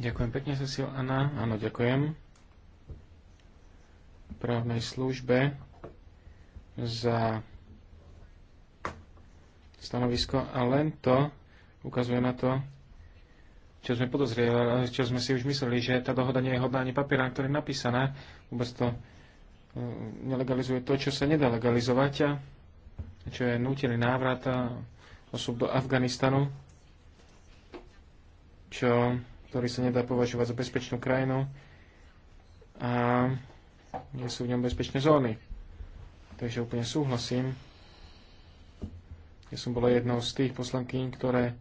Ďakujem pekne, Cecil Anna. Áno, ďakujem. Právnej službe za stanovisko a len to, ukazuje na to, čo sme podozrievali, čo sme si už mysleli, že tá dohoda nie je hodná ani papiera, na ktorý je napísaná. Vôbec to e, nelegalizuje to, čo sa nedá legalizovať a čo je nútený návrat e, osob do Afganistanu, čo, ktorý sa nedá považovať za bezpečnú krajinu a nie sú v ňom bezpečné zóny. Takže úplne súhlasím. Ja som bola jednou z tých poslankyň, ktoré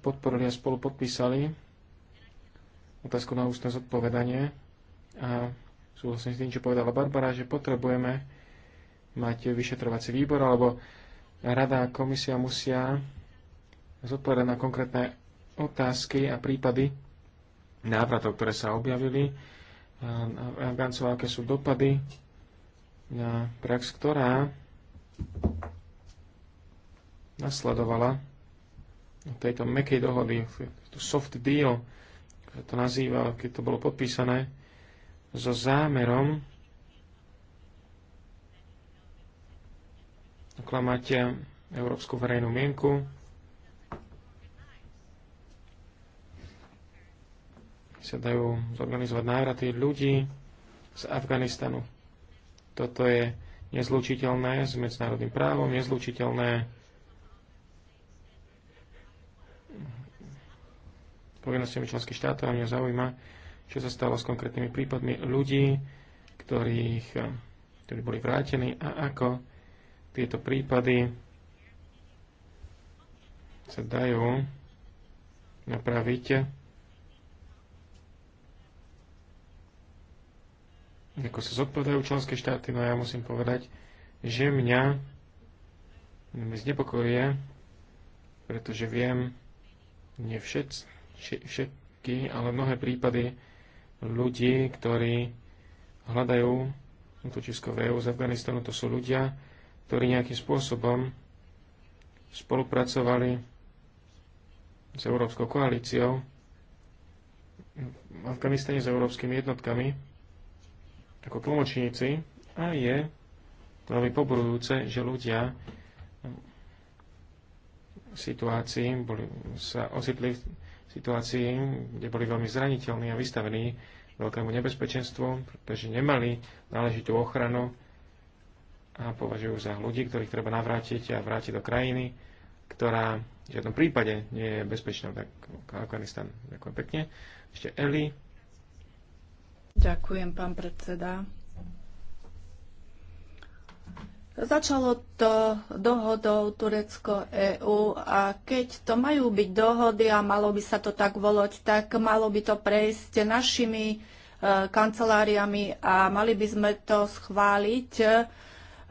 podporili a spolu podpísali otázku na ústne zodpovedanie a súhlasím s tým, čo povedala Barbara, že potrebujeme mať vyšetrovací výbor alebo rada a komisia musia zodpovedať na konkrétne otázky a prípady návratov, ktoré sa objavili Afgáncov, aké sú dopady na prax, ktorá nasledovala tejto mekej dohody, to soft deal, to nazýval, keď to bolo podpísané, so zámerom oklamať európsku verejnú mienku, sa dajú zorganizovať návraty ľudí z Afganistanu. Toto je nezlučiteľné s medzinárodným právom, nezlučiteľné povinnosťami členských štátov a mňa zaujíma, čo sa stalo s konkrétnymi prípadmi ľudí, ktorých, eh, ktorí boli vrátení a ako tieto prípady sa dajú napraviť. Ako sa zodpovedajú členské štáty, no ja musím povedať, že mňa znepokojuje, pretože viem, nie všetci, všetky, ale mnohé prípady ľudí, ktorí hľadajú útočisko v EU z Afganistanu, to sú ľudia, ktorí nejakým spôsobom spolupracovali s Európskou koalíciou v Afganistane s európskymi jednotkami ako tlmočníci a je veľmi poborujúce, že ľudia v situácii boli, sa ocitli situácii, kde boli veľmi zraniteľní a vystavení veľkému nebezpečenstvu, pretože nemali náležitú ochranu a považujú za ľudí, ktorých treba navrátiť a vrátiť do krajiny, ktorá v žiadnom prípade nie je bezpečná, tak Afganistan. Ďakujem pekne. Ešte Eli. Ďakujem, pán predseda. Začalo to dohodou Turecko-EU a keď to majú byť dohody a malo by sa to tak volať, tak malo by to prejsť našimi e, kanceláriami a mali by sme to schváliť. E,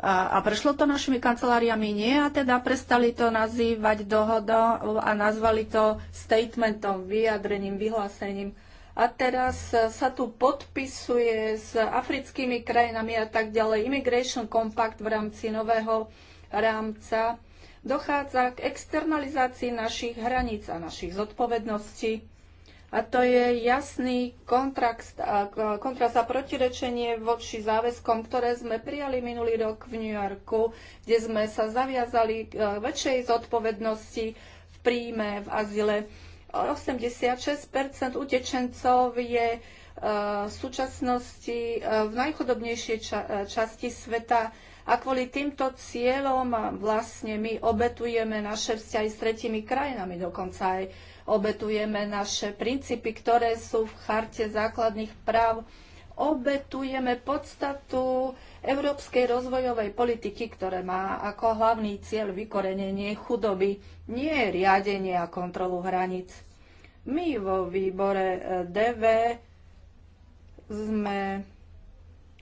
a, a prešlo to našimi kanceláriami nie a teda prestali to nazývať dohodou a nazvali to statementom, vyjadrením, vyhlásením a teraz e, sa tu podpisuje s africkými krajinami a tak ďalej Immigration Compact v rámci nového rámca. Dochádza k externalizácii našich hraníc a našich zodpovedností. A to je jasný kontrast, kontrast a protirečenie voči záväzkom, ktoré sme prijali minulý rok v New Yorku, kde sme sa zaviazali k e, väčšej zodpovednosti v príjme, v azile 86 utečencov je e, v súčasnosti e, v najchodobnejšej ča e, časti sveta a kvôli týmto cieľom vlastne my obetujeme naše vzťahy s tretimi krajinami, dokonca aj obetujeme naše princípy, ktoré sú v charte základných práv, obetujeme podstatu európskej rozvojovej politiky, ktoré má ako hlavný cieľ vykorenenie chudoby, nie riadenie a kontrolu hraníc. My vo výbore eh, DV sme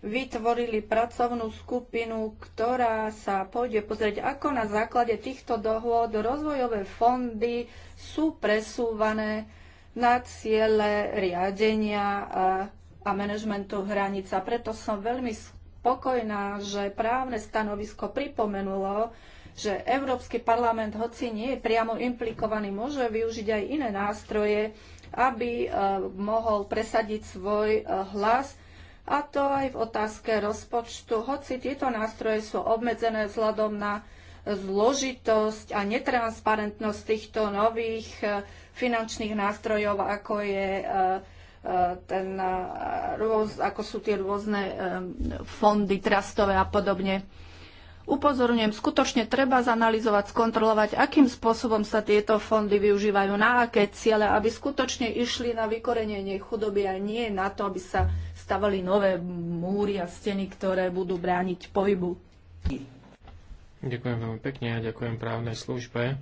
vytvorili pracovnú skupinu, ktorá sa pôjde pozrieť, ako na základe týchto dohôd rozvojové fondy sú presúvané na ciele riadenia eh, a manažmentu hranica. Preto som veľmi spokojná, že právne stanovisko pripomenulo, že Európsky parlament, hoci nie je priamo implikovaný, môže využiť aj iné nástroje, aby e, mohol presadiť svoj e, hlas, a to aj v otázke rozpočtu, hoci tieto nástroje sú obmedzené vzhľadom na e, zložitosť a netransparentnosť týchto nových finančných nástrojov, ako je ten, rôz, ako sú tie rôzne e, fondy trastové a podobne. Upozorňujem, skutočne treba zanalizovať, skontrolovať, akým spôsobom sa tieto fondy využívajú, na aké ciele, aby skutočne išli na vykorenenie chudoby a nie na to, aby sa stavali nové múry a steny, ktoré budú brániť pohybu. Ďakujem veľmi pekne a ďakujem právnej službe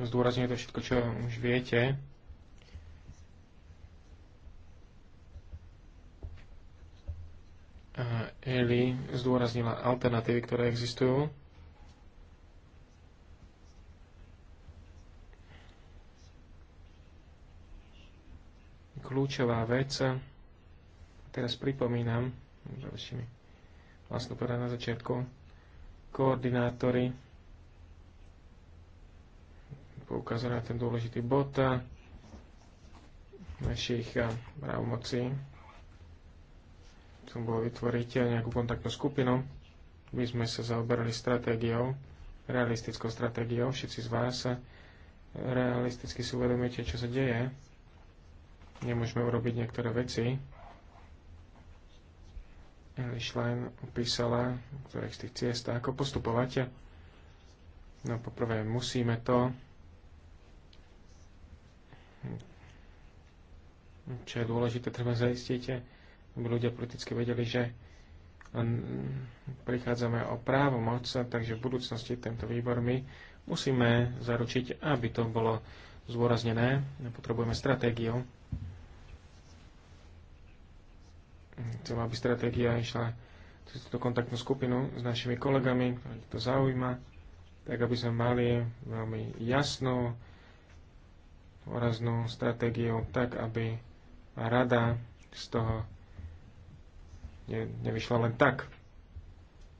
zdôrazňuje to všetko, čo už viete. A Eli zdôraznila alternatívy, ktoré existujú. Kľúčová vec, teraz pripomínam, vlastne povedať na začiatku, koordinátory poukázať na ten dôležitý bod eh, našich eh, právomocí. Som bolo vytvoriť eh, nejakú kontaktnú skupinu. My sme sa zaoberali stratégiou, realistickou stratégiou. Všetci z vás realisticky si uvedomujete, čo sa deje. Nemôžeme urobiť niektoré veci. Eli Schlein opísala, ktorých z tých ciest, ako postupovať. No poprvé musíme to Hm. Čo je dôležité, treba zaistiť, aby ľudia politicky vedeli, že prichádzame o moc, takže v budúcnosti tento výbor my musíme zaručiť, aby to bolo zdôraznené. Potrebujeme stratégiu. Chcem, aby stratégia išla cez túto kontaktnú skupinu s našimi kolegami, ktorých to zaujíma, tak aby sme mali veľmi jasnú poraznú stratégiu tak, aby rada z toho ne, nevyšla len tak.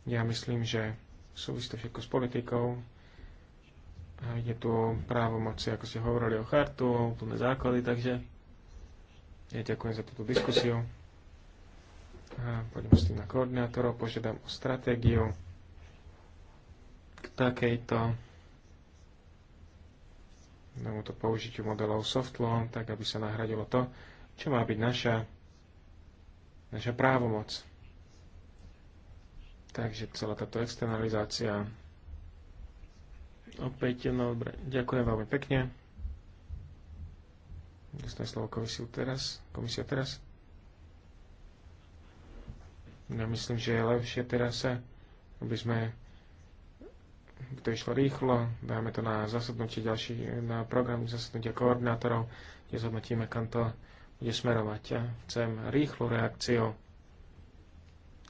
Ja myslím, že súvisí to všetko s politikou. A ide tu o právomoci, ako ste hovorili o chartu, o úplné základy, takže ja ďakujem za túto diskusiu. A poďme s tým na koordinátorov, požiadam o stratégiu k takejto tomuto použitiu modelov softlaw, tak aby sa nahradilo to, čo má byť naša, naša právomoc. Takže celá táto externalizácia opäť, no dobre, ďakujem veľmi pekne. Dostane slovo komisiu teraz, komisia teraz. Ja myslím, že je lepšie teraz, aby sme to išlo rýchlo, dáme to na zasadnutie ďalší, na program zasadnutia koordinátorov, kde zhodnotíme, kam to bude smerovať. Ja chcem rýchlu reakciu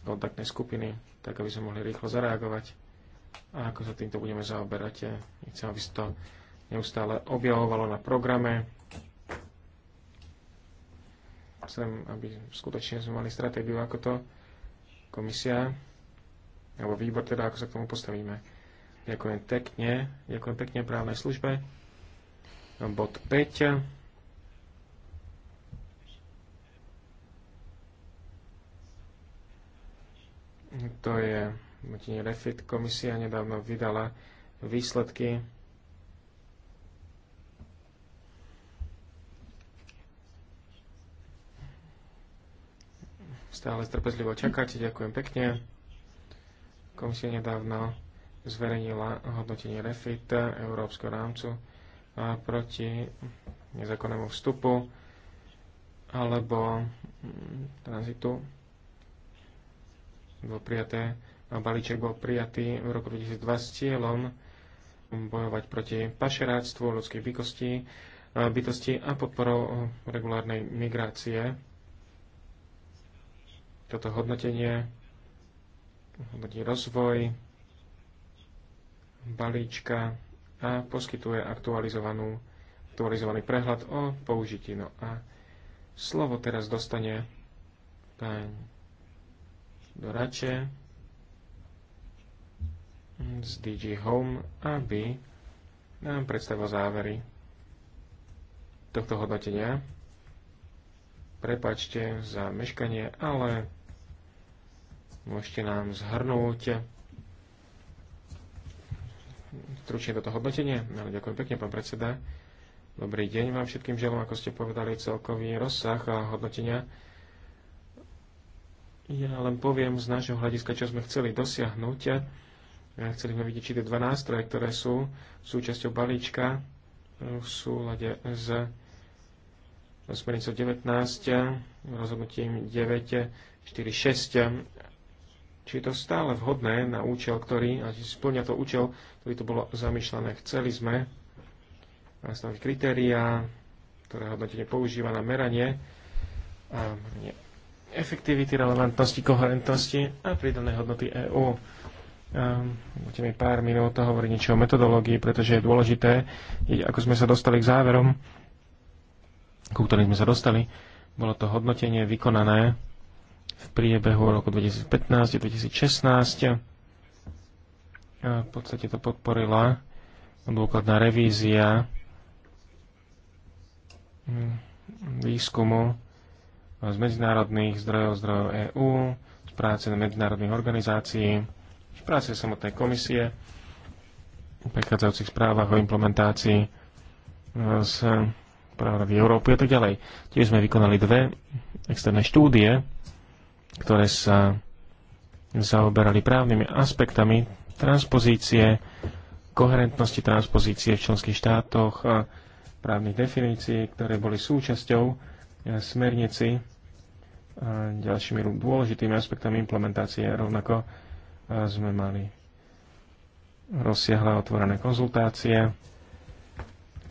kontaktnej skupiny, tak aby sme mohli rýchlo zareagovať a ako sa týmto budeme zaoberať. Ja chcem, aby sa to neustále objavovalo na programe. Chcem, aby skutočne sme mali stratégiu, ako to komisia, alebo výbor teda, ako sa k tomu postavíme Ďakujem pekne. Ďakujem pekne právnej službe. Bod 5. To je Refit. Komisia nedávno vydala výsledky stále trpezlivo čakáte. Ďakujem pekne. Komisia nedávno zverejnila hodnotenie REFIT Európskeho rámcu proti nezákonnému vstupu alebo mm, tranzitu. Bol prijaté, balíček bol prijatý v roku 2002 s cieľom bojovať proti pašeráctvu ľudských bytostí, bytosti a podporou regulárnej migrácie. Toto hodnotenie hodnotí rozvoj balíčka a poskytuje aktualizovanú, aktualizovaný prehľad o použití. No a slovo teraz dostane pán Dorače z DG Home, aby nám predstavil závery tohto hodnotenia. Prepačte za meškanie, ale môžete nám zhrnúť stručne toto hodnotenie. No, ďakujem pekne, pán predseda. Dobrý deň vám všetkým želom, ako ste povedali, celkový rozsah a hodnotenia. Ja len poviem z nášho hľadiska, čo sme chceli dosiahnuť. Chceli sme vidieť, či tie dva nástroje, ktoré sú súčasťou balíčka v súlade s smernicou 19, rozhodnutím 6 či je to stále vhodné na účel, ktorý, a splňa to účel, ktorý to bolo zamýšľané. Chceli sme nastaviť kritériá, ktoré hodnotenie používa na meranie a efektivity, relevantnosti, koherentnosti a prídané hodnoty EÚ. Budete mi pár minút hovoriť niečo o metodológii, pretože je dôležité, ako sme sa dostali k záverom, ku ktorým sme sa dostali, bolo to hodnotenie vykonané v priebehu roku 2015-2016. A v podstate to podporila dôkladná revízia mm, výskumu z medzinárodných zdrojov, zdrojov EÚ, z práce na medzinárodných organizácií, z práce samotnej komisie, v prechádzajúcich správach o implementácii e, z práva Európy a tak ďalej. Tiež sme vykonali dve externé štúdie ktoré sa zaoberali právnymi aspektami transpozície, koherentnosti transpozície v členských štátoch a právnych definícií, ktoré boli súčasťou eh, smernici a ďalšími dôležitými aspektami implementácie. Rovnako eh, sme mali rozsiahle otvorené konzultácie,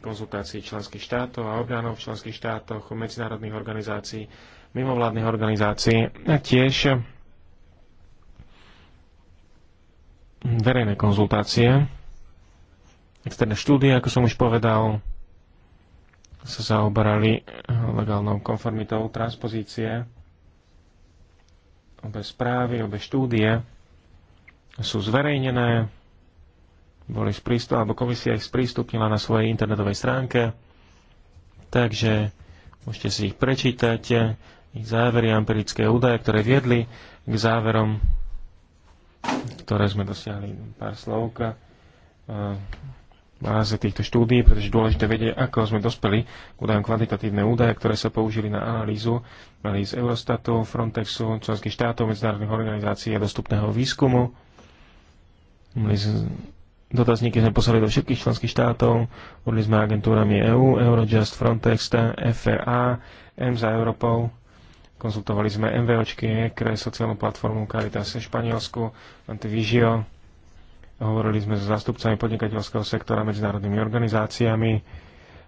konzultácie členských štátov a orgánov v členských štátoch, medzinárodných organizácií mimovládnych organizácií a tiež verejné konzultácie, externé štúdie, ako som už povedal, sa zaoberali legálnou konformitou transpozície. Obe správy, obe štúdie sú zverejnené, boli sprístup, alebo komisia ich sprístupnila na svojej internetovej stránke, takže môžete si ich prečítať závery a empirické údaje, ktoré viedli k záverom, ktoré sme dosiahli pár slovka e, báze týchto štúdí, pretože dôležité vedieť, ako sme dospeli k údajom kvantitatívne údaje, ktoré sa použili na analýzu z Eurostatu, Frontexu, členských štátov, medzinárodných organizácií a dostupného výskumu. Dotazníky sme poslali do všetkých členských štátov, urli sme agentúrami EU, Eurojust, Frontex, FRA, M za Europol Konzultovali sme MVOčky, EKRE, sociálnu platformu Caritas Španielsku, Antivigio. Hovorili sme s zástupcami podnikateľského sektora, medzinárodnými organizáciami,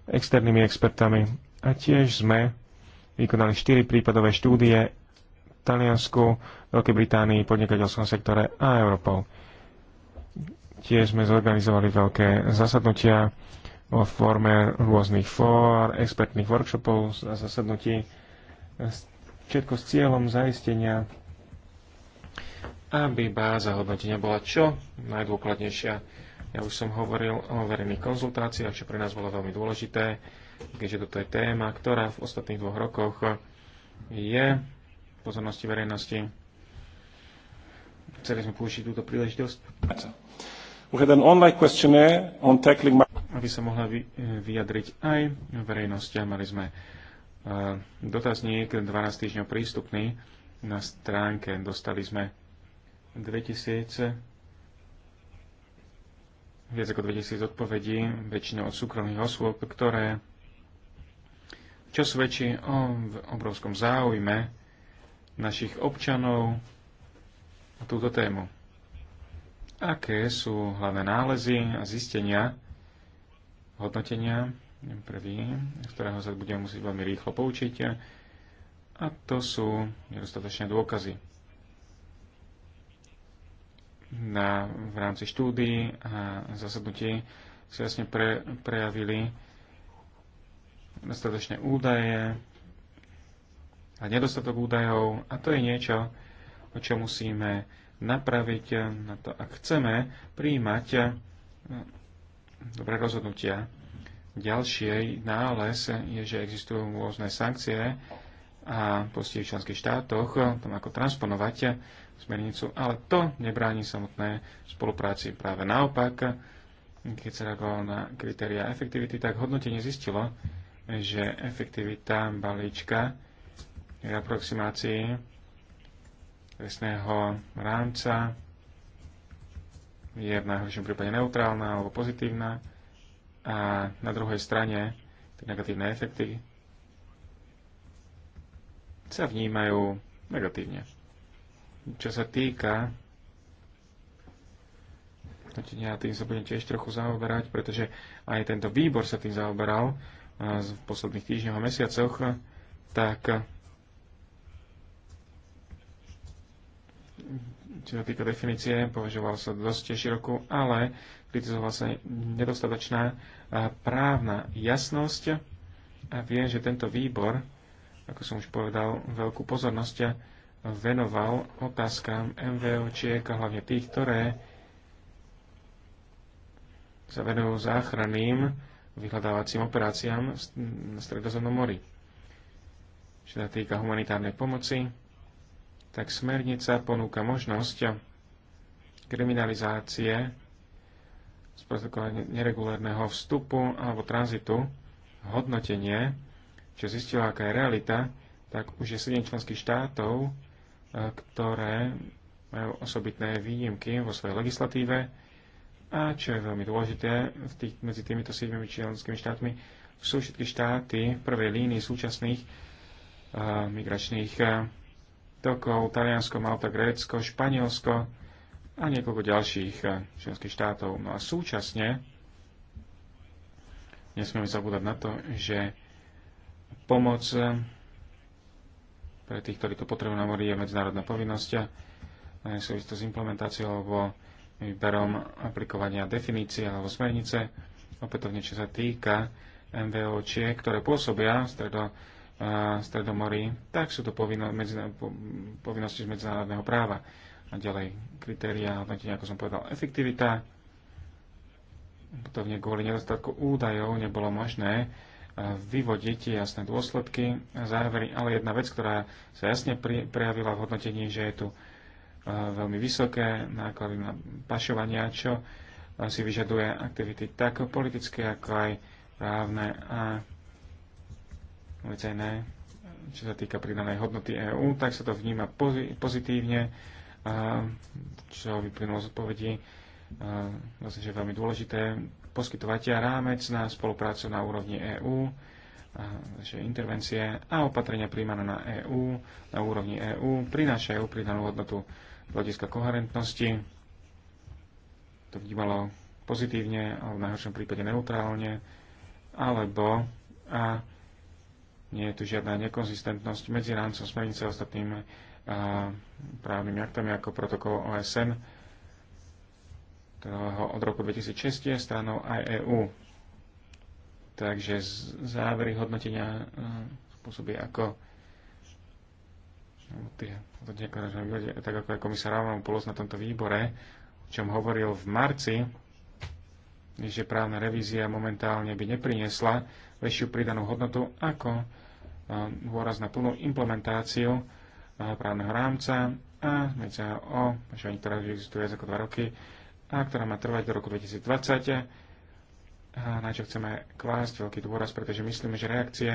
externými expertami a tiež sme vykonali 4 prípadové štúdie v Taliansku, Veľkej Británii, podnikateľskom sektore a Európou. Tiež sme zorganizovali veľké zasadnutia vo forme rôznych fór, expertných workshopov a zasadnutí s všetko s cieľom zaistenia, aby báza hodnotenia bola čo najdôkladnejšia. Ja už som hovoril o verejných konzultáciách, čo pre nás bolo veľmi dôležité, keďže toto je téma, ktorá v ostatných dvoch rokoch je v pozornosti verejnosti. Chceli sme použiť túto príležitosť. Aby sa mohla vyjadriť aj a Mali sme dotazník 12 týždňov prístupný na stránke. Dostali sme 2000 viac ako 2000 odpovedí, väčšinou od súkromných osôb, ktoré čo svedčí o obrovskom záujme našich občanov o túto tému. Aké sú hlavné nálezy a zistenia, hodnotenia prvý, ktorého sa budeme musieť veľmi rýchlo poučiť, a to sú nedostatočné dôkazy. Na, v rámci štúdií a zasadnutí sa jasne pre, prejavili nedostatočné údaje a nedostatok údajov a to je niečo, o čo musíme napraviť na to, ak chceme príjmať eh, dobré rozhodnutia ďalší nález je, že existujú rôzne sankcie a postihy v členských štátoch, tam ako transponovať smernicu, ale to nebráni samotné spolupráci. Práve naopak, keď sa reagovalo na kritéria efektivity, tak hodnotenie zistilo, že efektivita balíčka je aproximácii presného rámca je v najhoršom prípade neutrálna alebo pozitívna a na druhej strane tie negatívne efekty sa vnímajú negatívne. Čo sa týka Ja tým sa budem tiež trochu zaoberať, pretože aj tento výbor sa tým zaoberal v posledných týždňoch a mesiacoch, tak čo sa týka definície, považovala sa dosť širokú, ale kritizovala sa nedostatočná právna jasnosť a viem, že tento výbor, ako som už povedal, veľkú pozornosť venoval otázkam MVOčiek a hlavne tých, ktoré sa venujú záchranným vyhľadávacím operáciám na Stredozemnom mori. Čo sa týka humanitárnej pomoci, tak smernica ponúka možnosť kriminalizácie sprostredkovania neregulárneho vstupu alebo tranzitu, hodnotenie, čo zistila, aká je realita, tak už je 7 členských štátov, e, ktoré majú osobitné výnimky vo svojej legislatíve a čo je veľmi dôležité, v tých, medzi týmito 7 členskými štátmi sú všetky štáty v prvej línii súčasných uh, migračných uh, tokov, Taliansko, Malta, Grécko, Španielsko a niekoľko ďalších eh, členských štátov. No a súčasne nesmieme zabúdať na to, že pomoc eh, pre tých, ktorí to potrebujú na mori, je medzinárodná povinnosť eh, súvisí to s implementáciou alebo výberom aplikovania definície alebo smernice. Opätovne, čo sa týka MVOčiek, ktoré pôsobia v stredo Stredomorí, tak sú to povinno, po, povinnosti z medzinárodného práva. A ďalej kritéria hodnotenia, ako som povedal, efektivita. Potovne kvôli nedostatku údajov nebolo možné e, vyvodiť jasné dôsledky a závery, ale jedna vec, ktorá sa jasne prejavila v hodnotení, že je tu e, veľmi vysoké náklady na pašovania, čo e, si vyžaduje aktivity tak politické, ako aj právne a policajné, čo sa týka pridanej hodnoty EÚ, tak sa to vníma pozitívne, čo vyplynulo z odpovedí, vlastne, že je veľmi dôležité poskytovať rámec na spoluprácu na úrovni EÚ, že intervencie a opatrenia príjmané na EÚ, na úrovni EÚ, prinášajú pridanú hodnotu hľadiska koherentnosti. To vnímalo pozitívne, alebo v najhoršom prípade neutrálne, alebo a nie je tu žiadna nekonzistentnosť medzi rámcom smernice a ostatnými právnymi aktami ako protokol OSN od roku 2006 je stranou aj EU. Takže závery hodnotenia spôsobí ako no, tie, tak ako aj komisár Avramopoulos na tomto výbore, o čom hovoril v marci, že právna revízia momentálne by nepriniesla väčšiu pridanú hodnotu ako dôraz na plnú implementáciu právneho rámca a smernica o pašovaní, existuje za ako 2 roky a ktorá má trvať do roku 2020, a na čo chceme klásť veľký dôraz, pretože myslíme, že reakcie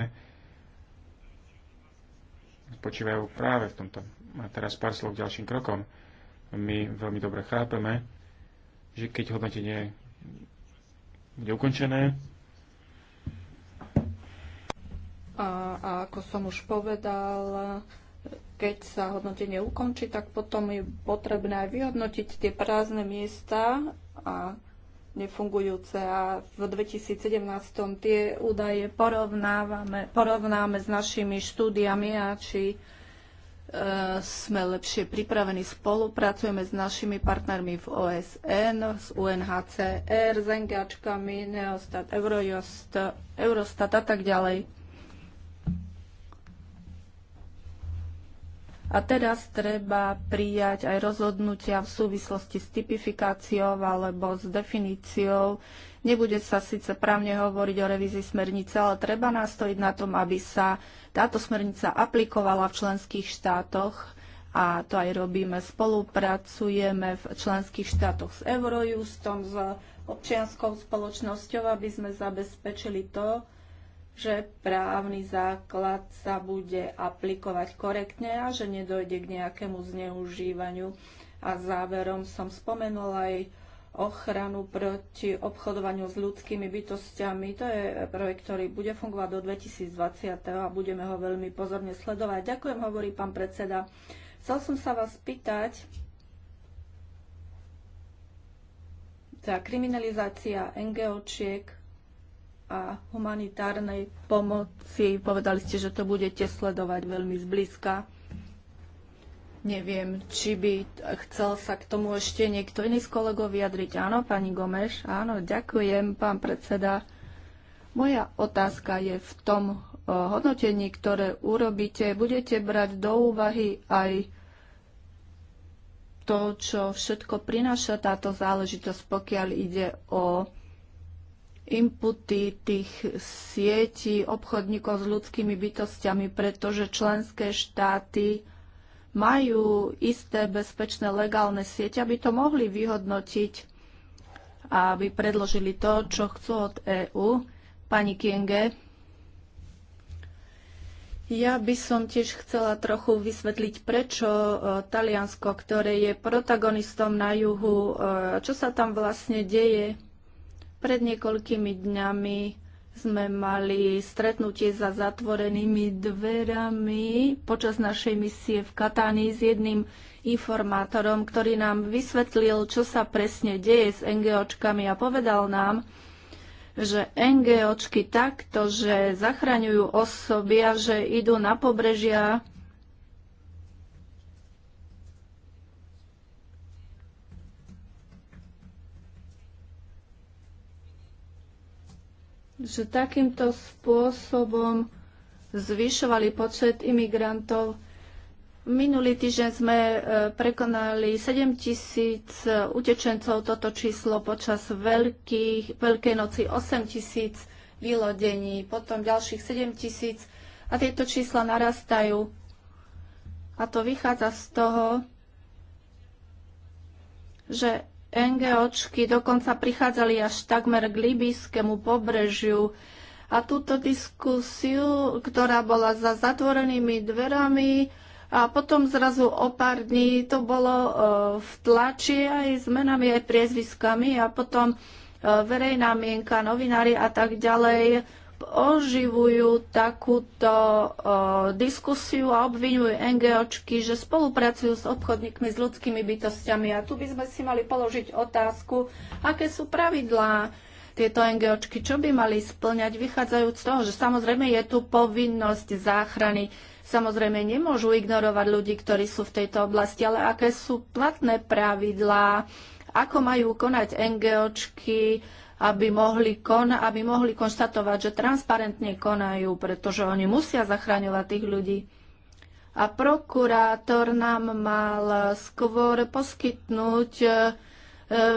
spočívajú práve v tomto. A teraz pár slov k ďalším krokom. My veľmi dobre chápeme, že keď hodnotenie bude ukončené, a, a ako som už povedal, keď sa hodnotenie ukončí, tak potom je potrebné aj vyhodnotiť tie prázdne miesta a nefungujúce a v 2017 tie údaje porovnávame, porovnáme s našimi štúdiami a či e, sme lepšie pripravení. Spolupracujeme s našimi partnermi v OSN, s UNHCR, s NGAčkami, Neostat, Eurostat a tak ďalej. A teraz treba prijať aj rozhodnutia v súvislosti s typifikáciou alebo s definíciou. Nebude sa síce právne hovoriť o revízii smernice, ale treba nastojiť na tom, aby sa táto smernica aplikovala v členských štátoch a to aj robíme. Spolupracujeme v členských štátoch s Eurojustom, s občianskou spoločnosťou, aby sme zabezpečili to, že právny základ sa bude aplikovať korektne a že nedojde k nejakému zneužívaniu. A záverom som spomenula aj ochranu proti obchodovaniu s ľudskými bytostiami. To je projekt, ktorý bude fungovať do 2020 a budeme ho veľmi pozorne sledovať. Ďakujem, hovorí pán predseda. Chcel som sa vás pýtať, tá kriminalizácia NGOčiek a humanitárnej pomoci. Povedali ste, že to budete sledovať veľmi zblízka. Neviem, či by chcel sa k tomu ešte niekto iný z kolegov vyjadriť. Áno, pani Gomeš, áno, ďakujem, pán predseda. Moja otázka je v tom eh, hodnotení, ktoré urobíte. Budete brať do úvahy aj to, čo všetko prináša táto záležitosť, pokiaľ ide o inputy tých sietí obchodníkov s ľudskými bytostiami, pretože členské štáty majú isté bezpečné legálne siete, aby to mohli vyhodnotiť a aby predložili to, čo chcú od EÚ. Pani Kienge, ja by som tiež chcela trochu vysvetliť, prečo e, Taliansko, ktoré je protagonistom na juhu, e, čo sa tam vlastne deje pred niekoľkými dňami sme mali stretnutie za zatvorenými dverami počas našej misie v Katánii s jedným informátorom, ktorý nám vysvetlil, čo sa presne deje s NGOčkami a povedal nám, že NGOčky takto, že zachraňujú osoby a že idú na pobrežia že takýmto spôsobom zvyšovali počet imigrantov. Minulý týždeň sme e, prekonali 7 tisíc e, utečencov, toto číslo počas veľkých, Veľkej noci 8 tisíc vylodení, potom ďalších 7 tisíc a tieto čísla narastajú. A to vychádza z toho, že NGOčky dokonca prichádzali až takmer k libijskému pobrežiu a túto diskusiu, ktorá bola za zatvorenými dverami, a potom zrazu o pár dní to bolo e, v tlači aj s menami, aj priezviskami a potom e, verejná mienka, novinári a tak ďalej oživujú takúto o, diskusiu a obvinujú NGOčky, že spolupracujú s obchodníkmi, s ľudskými bytostiami. A tu by sme si mali položiť otázku, aké sú pravidlá tieto NGOčky, čo by mali splňať, vychádzajúc z toho, že samozrejme je tu povinnosť záchrany. Samozrejme nemôžu ignorovať ľudí, ktorí sú v tejto oblasti, ale aké sú platné pravidlá, ako majú konať NGOčky, aby mohli, kon, aby mohli konštatovať, že transparentne konajú, pretože oni musia zachraňovať tých ľudí. A prokurátor nám mal skôr poskytnúť e, e,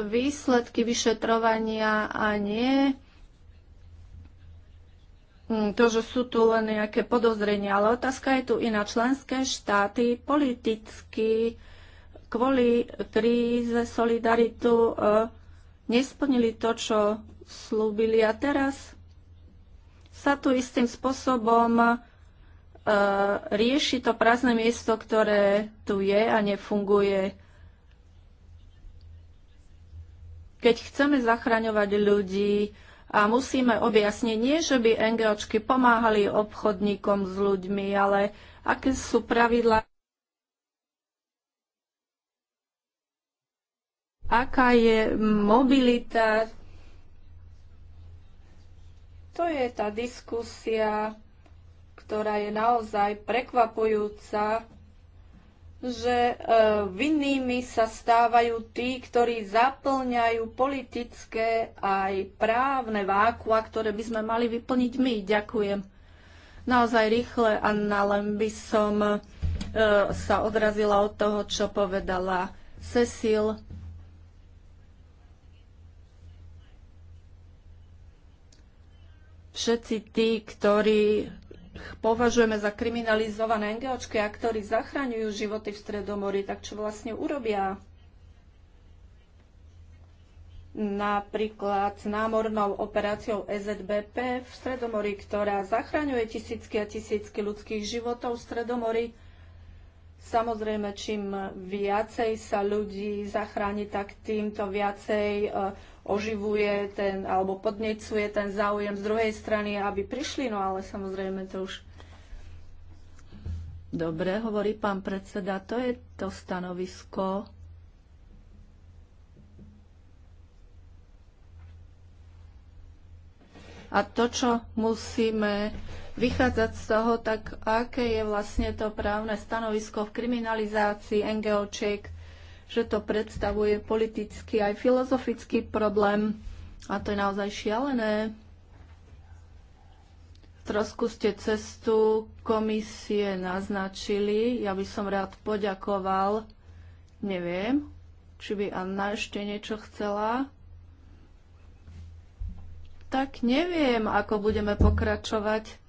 výsledky vyšetrovania a nie hm, to, že sú tu len nejaké podozrenia, ale otázka je tu iná. Členské štáty politicky kvôli kríze solidaritu e, nesplnili to, čo slúbili a teraz sa tu istým spôsobom e, rieši to prázdne miesto, ktoré tu je a nefunguje. Keď chceme zachraňovať ľudí a musíme objasniť, nie že by NGOčky pomáhali obchodníkom s ľuďmi, ale aké sú pravidlá aká je mobilita. To je tá diskusia, ktorá je naozaj prekvapujúca, že e, vinnými sa stávajú tí, ktorí zaplňajú politické aj právne vákua, ktoré by sme mali vyplniť my. Ďakujem. Naozaj rýchle, Anna, len by som e, sa odrazila od toho, čo povedala Cecil všetci tí, ktorí považujeme za kriminalizované NGOčky a ktorí zachraňujú životy v Stredomori, tak čo vlastne urobia? Napríklad s námornou operáciou EZBP v Stredomori, ktorá zachraňuje tisícky a tisícky ľudských životov v Stredomori. Samozrejme, čím viacej sa ľudí zachráni, tak týmto viacej uh, oživuje ten, alebo podnecuje ten záujem z druhej strany, aby prišli, no ale samozrejme to už... Dobre, hovorí pán predseda, to je to stanovisko. A to, čo musíme vychádzať z toho, tak aké je vlastne to právne stanovisko v kriminalizácii NGOčiek, že to predstavuje politický aj filozofický problém. A to je naozaj šialené. Trošku ste cestu komisie naznačili. Ja by som rád poďakoval. Neviem, či by Anna ešte niečo chcela. Tak neviem, ako budeme pokračovať.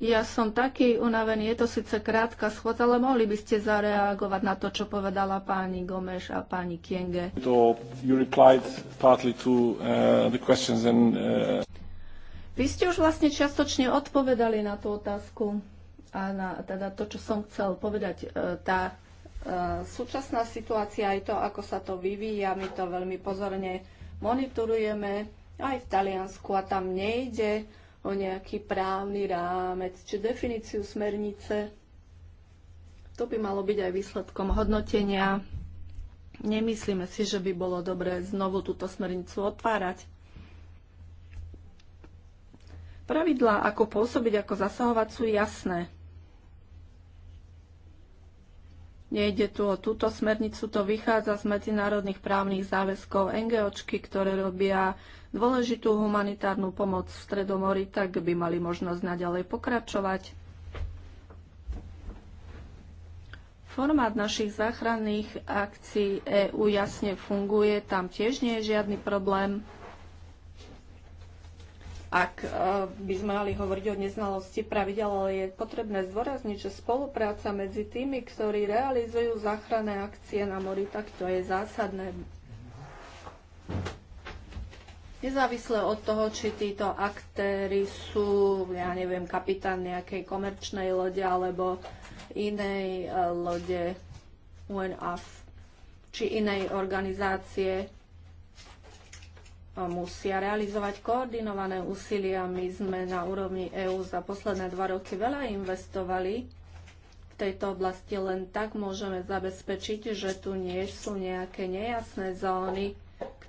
Ja som taký unavený, je to síce krátka schôdza, ale mohli by ste zareagovať na to, čo povedala pani Gomeš a pani Kienge. Uh, uh, Vy ste už vlastne čiastočne odpovedali na tú otázku a na teda to, čo som chcel povedať. E, tá e, súčasná situácia, aj to, ako sa to vyvíja, my to veľmi pozorne monitorujeme aj v Taliansku a tam nejde o nejaký právny rámec či definíciu smernice. To by malo byť aj výsledkom hodnotenia. Nemyslíme si, že by bolo dobré znovu túto smernicu otvárať. Pravidlá, ako pôsobiť, ako zasahovať, sú jasné. Nejde tu o túto smernicu, to vychádza z medzinárodných právnych záväzkov NGOčky, ktoré robia dôležitú humanitárnu pomoc v Stredomori, tak by mali možnosť naďalej pokračovať. Formát našich záchranných akcií EU jasne funguje, tam tiež nie je žiadny problém. Ak e, by sme mali hovoriť o neznalosti pravidel, ale je potrebné zdôrazniť, že spolupráca medzi tými, ktorí realizujú záchranné akcie na mori, tak to je zásadné. Nezávisle od toho, či títo aktéry sú, ja neviem, kapitán nejakej komerčnej lode alebo inej eh, lode UNAF či inej organizácie, eh, musia realizovať koordinované úsilia. My sme na úrovni EÚ za posledné dva roky veľa investovali v tejto oblasti, len tak môžeme zabezpečiť, že tu nie sú nejaké nejasné zóny,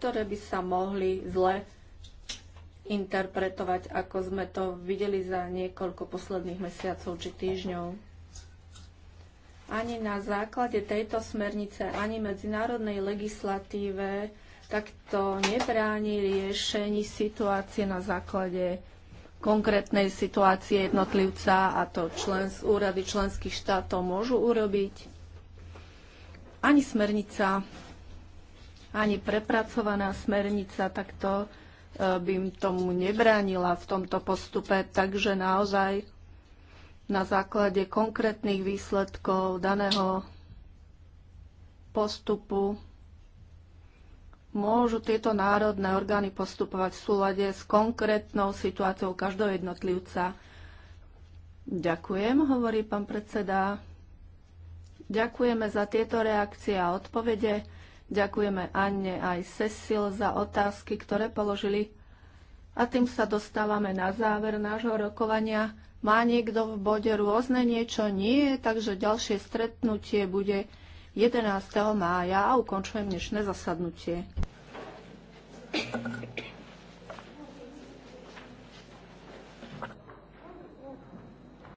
ktoré by sa mohli zle interpretovať, ako sme to videli za niekoľko posledných mesiacov či týždňov. Ani na základe tejto smernice, ani medzinárodnej legislatíve takto nebráni riešení situácie na základe konkrétnej situácie jednotlivca a to člen, úrady členských štátov môžu urobiť. Ani smernica ani prepracovaná smernica takto e, by im tomu nebránila v tomto postupe, takže naozaj na základe konkrétnych výsledkov daného postupu môžu tieto národné orgány postupovať v súlade s konkrétnou situáciou každého jednotlivca. Ďakujem, hovorí pán predseda. Ďakujeme za tieto reakcie a odpovede. Ďakujeme Anne aj Cecil za otázky, ktoré položili. A tým sa dostávame na záver nášho rokovania. Má niekto v bode rôzne niečo? Nie, takže ďalšie stretnutie bude 11. mája a ukončujem dnešné zasadnutie.